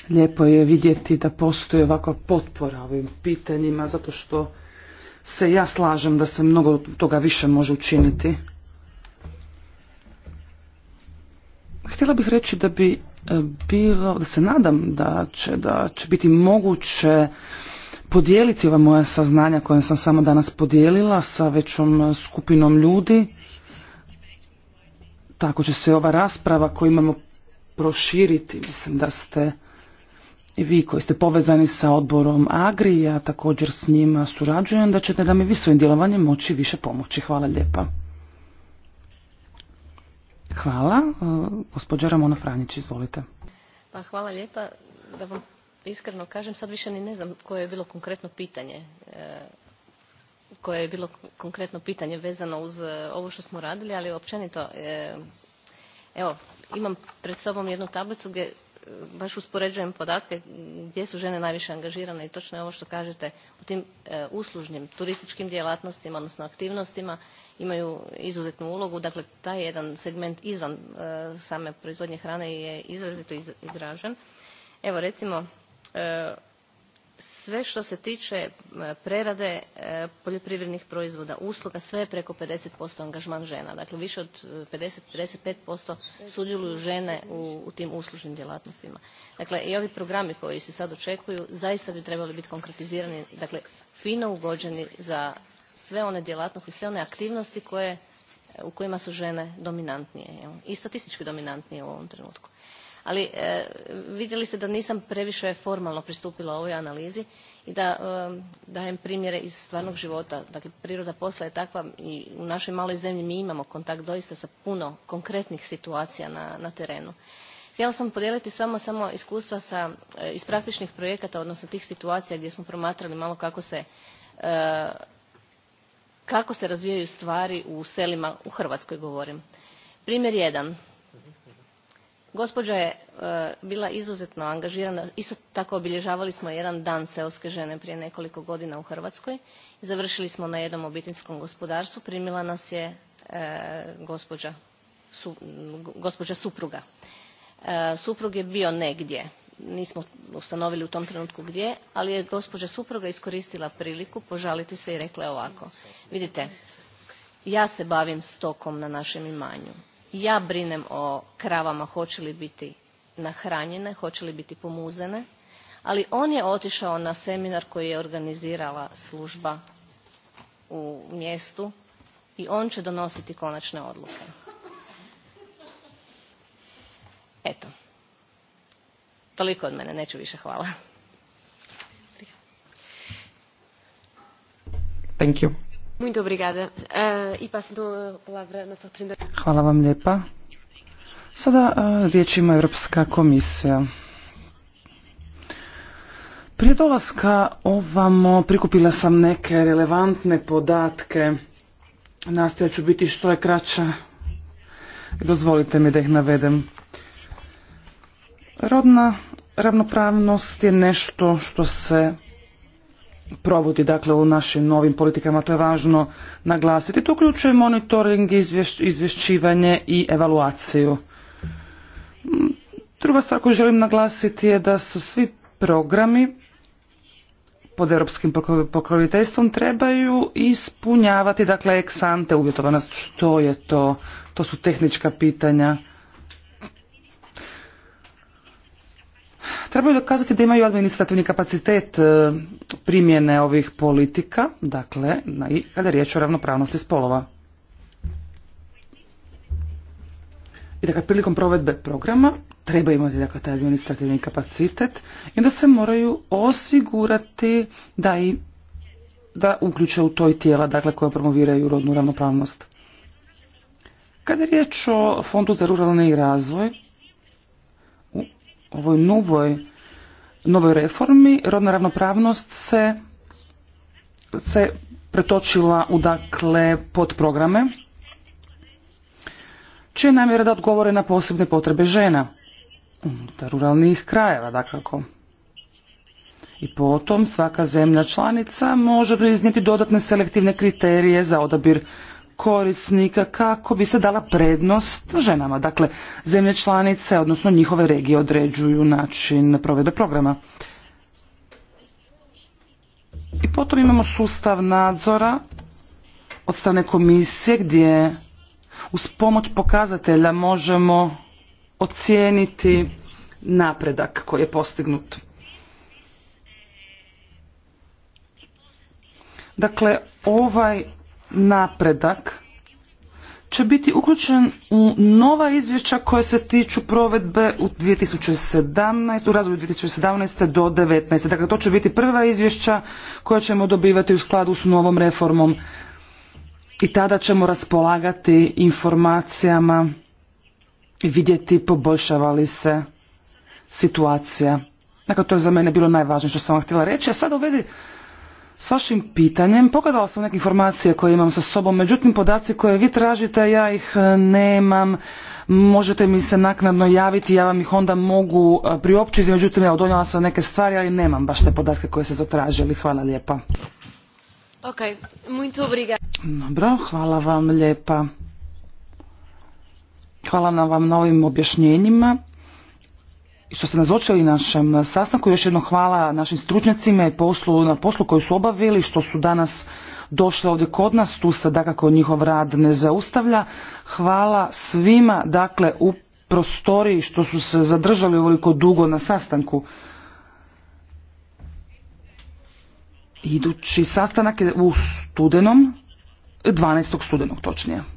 Lijepo je vidjeti da postoji ovakva potpora ovim pitanjima, zato što se ja slažem da se mnogo toga više može učiniti. Htjela bih reći da bi e, bilo, da se nadam da će, da će biti moguće podijeliti ova moja saznanja koja sam samo danas podijelila sa većom skupinom ljudi. Tako će se ova rasprava koju imamo proširiti. Mislim da ste i vi koji ste povezani sa odborom Agri, ja također s njima surađujem, da ćete da mi vi svojim djelovanjem moći više pomoći. Hvala lijepa. Hvala. E, Gospodža Ramona Franjić, izvolite. Pa hvala lijepa. Da vam iskreno kažem, sad više ni ne znam koje je bilo konkretno pitanje e, koje je bilo konkretno pitanje vezano uz e, ovo što smo radili, ali općenito evo, imam pred sobom jednu tablicu gdje baš uspoređujem podatke gdje su žene najviše angažirane i točno je ovo što kažete u tim e, uslužnim turističkim djelatnostima odnosno aktivnostima imaju izuzetnu ulogu dakle taj jedan segment izvan e, same proizvodnje hrane je izrazito izražen. evo recimo e, sve što se tiče e, prerade e, poljoprivrednih proizvoda, usluga, sve je preko 50% angažman žena. Dakle, više od 50-55% e, sudjeluju žene u, tim uslužnim djelatnostima. Dakle, i ovi programi koji se sad očekuju zaista bi trebali biti konkretizirani, dakle, fino ugođeni za sve one djelatnosti, sve one aktivnosti koje, u kojima su žene dominantnije. I statistički dominantnije u ovom trenutku ali e, vidjeli ste da nisam previše formalno pristupila ovoj analizi i da e, dajem primjere iz stvarnog života. Dakle, priroda posla je takva i u našoj maloj zemlji mi imamo kontakt doista sa puno konkretnih situacija na, terenu. Htjela sam podijeliti samo samo iskustva sa, e, iz praktičnih projekata, odnosno tih situacija gdje smo promatrali malo kako se kako se razvijaju stvari u selima u Hrvatskoj govorim. Primjer jedan gospođa je e, bila izuzetno angažirana isto tako obilježavali smo jedan dan seoske žene prije nekoliko godina u hrvatskoj završili smo na jednom obiteljskom gospodarstvu primila nas je e, gospođa, supruga e, suprug je bio negdje nismo ustanovili u tom trenutku gdje ali je gospođa supruga iskoristila priliku požaliti se i rekla je ovako vidite ja se bavim stokom na našem imanju ja brinem o kravama hoće li biti nahranjene, hoće li biti pomuzene, ali on je otišao na seminar koji je organizirala služba u mjestu i on će donositi konačne odluke. Eto. Toliko od mene, neću više, hvala. Thank you. Eh, e Hvala vam lijepa. Sada eh, riječ ima Europska komisija. Prije dolaska ovamo prikupila sam neke relevantne podatke. Nastojat ću biti što je kraća. Dozvolite mi da ih navedem. Rodna ravnopravnost je nešto što se provodi dakle u našim novim politikama, to je važno naglasiti. To uključuje monitoring, izvješćivanje i evaluaciju. Mm, druga stvar koju želim naglasiti je da su svi programi pod europskim pokroviteljstvom trebaju ispunjavati dakle eksante uvjetovanost. Što je to? To su tehnička pitanja. Trebaju dokazati da imaju administrativni kapacitet e, primjene ovih politika, dakle, kada je riječ o ravnopravnosti spolova. I dakle, prilikom provedbe programa treba imati dakle, taj administrativni kapacitet i da se moraju osigurati da i da uključe u to i tijela dakle, koja promoviraju rodnu ravnopravnost. Kada je riječ o Fondu za ruralni razvoj, ovoj novoj, novoj reformi rodna ravnopravnost se, se pretočila u dakle podprograme čije namjera da odgovore na posebne potrebe žena unutar ruralnih krajeva dakako. I potom svaka zemlja članica može iznijeti dodatne selektivne kriterije za odabir korisnika kako bi se dala prednost ženama. Dakle, zemlje članice, odnosno njihove regije određuju način provedbe programa. I potom imamo sustav nadzora od strane komisije gdje uz pomoć pokazatelja možemo ocijeniti napredak koji je postignut. Dakle, ovaj napredak će biti uključen u nova izvješća koja se tiču provedbe u 2017, u razvoju 2017. do 2019. Dakle, to će biti prva izvješća koja ćemo dobivati u skladu s novom reformom i tada ćemo raspolagati informacijama i vidjeti poboljšava li se situacija. Dakle, to je za mene bilo najvažnije što sam vam htjela reći. A sada u vezi s vašim pitanjem. Pogledala sam neke informacije koje imam sa sobom, međutim podaci koje vi tražite ja ih e, nemam. Možete mi se naknadno javiti, ja vam ih onda mogu e, priopćiti, međutim ja odonjala sam neke stvari, ali nemam baš te podatke koje ste zatražili. Hvala lijepa. Ok, muito Dobro, hvala vam lijepa. Hvala na vam na ovim objašnjenjima što ste nazočili našem sastanku. Još jednom hvala našim stručnjacima i poslu, na poslu koju su obavili, što su danas došli ovdje kod nas. Tu se dakako njihov rad ne zaustavlja. Hvala svima, dakle, u prostoriji što su se zadržali ovoliko dugo na sastanku. Idući sastanak je u studenom, 12. studenog točnije.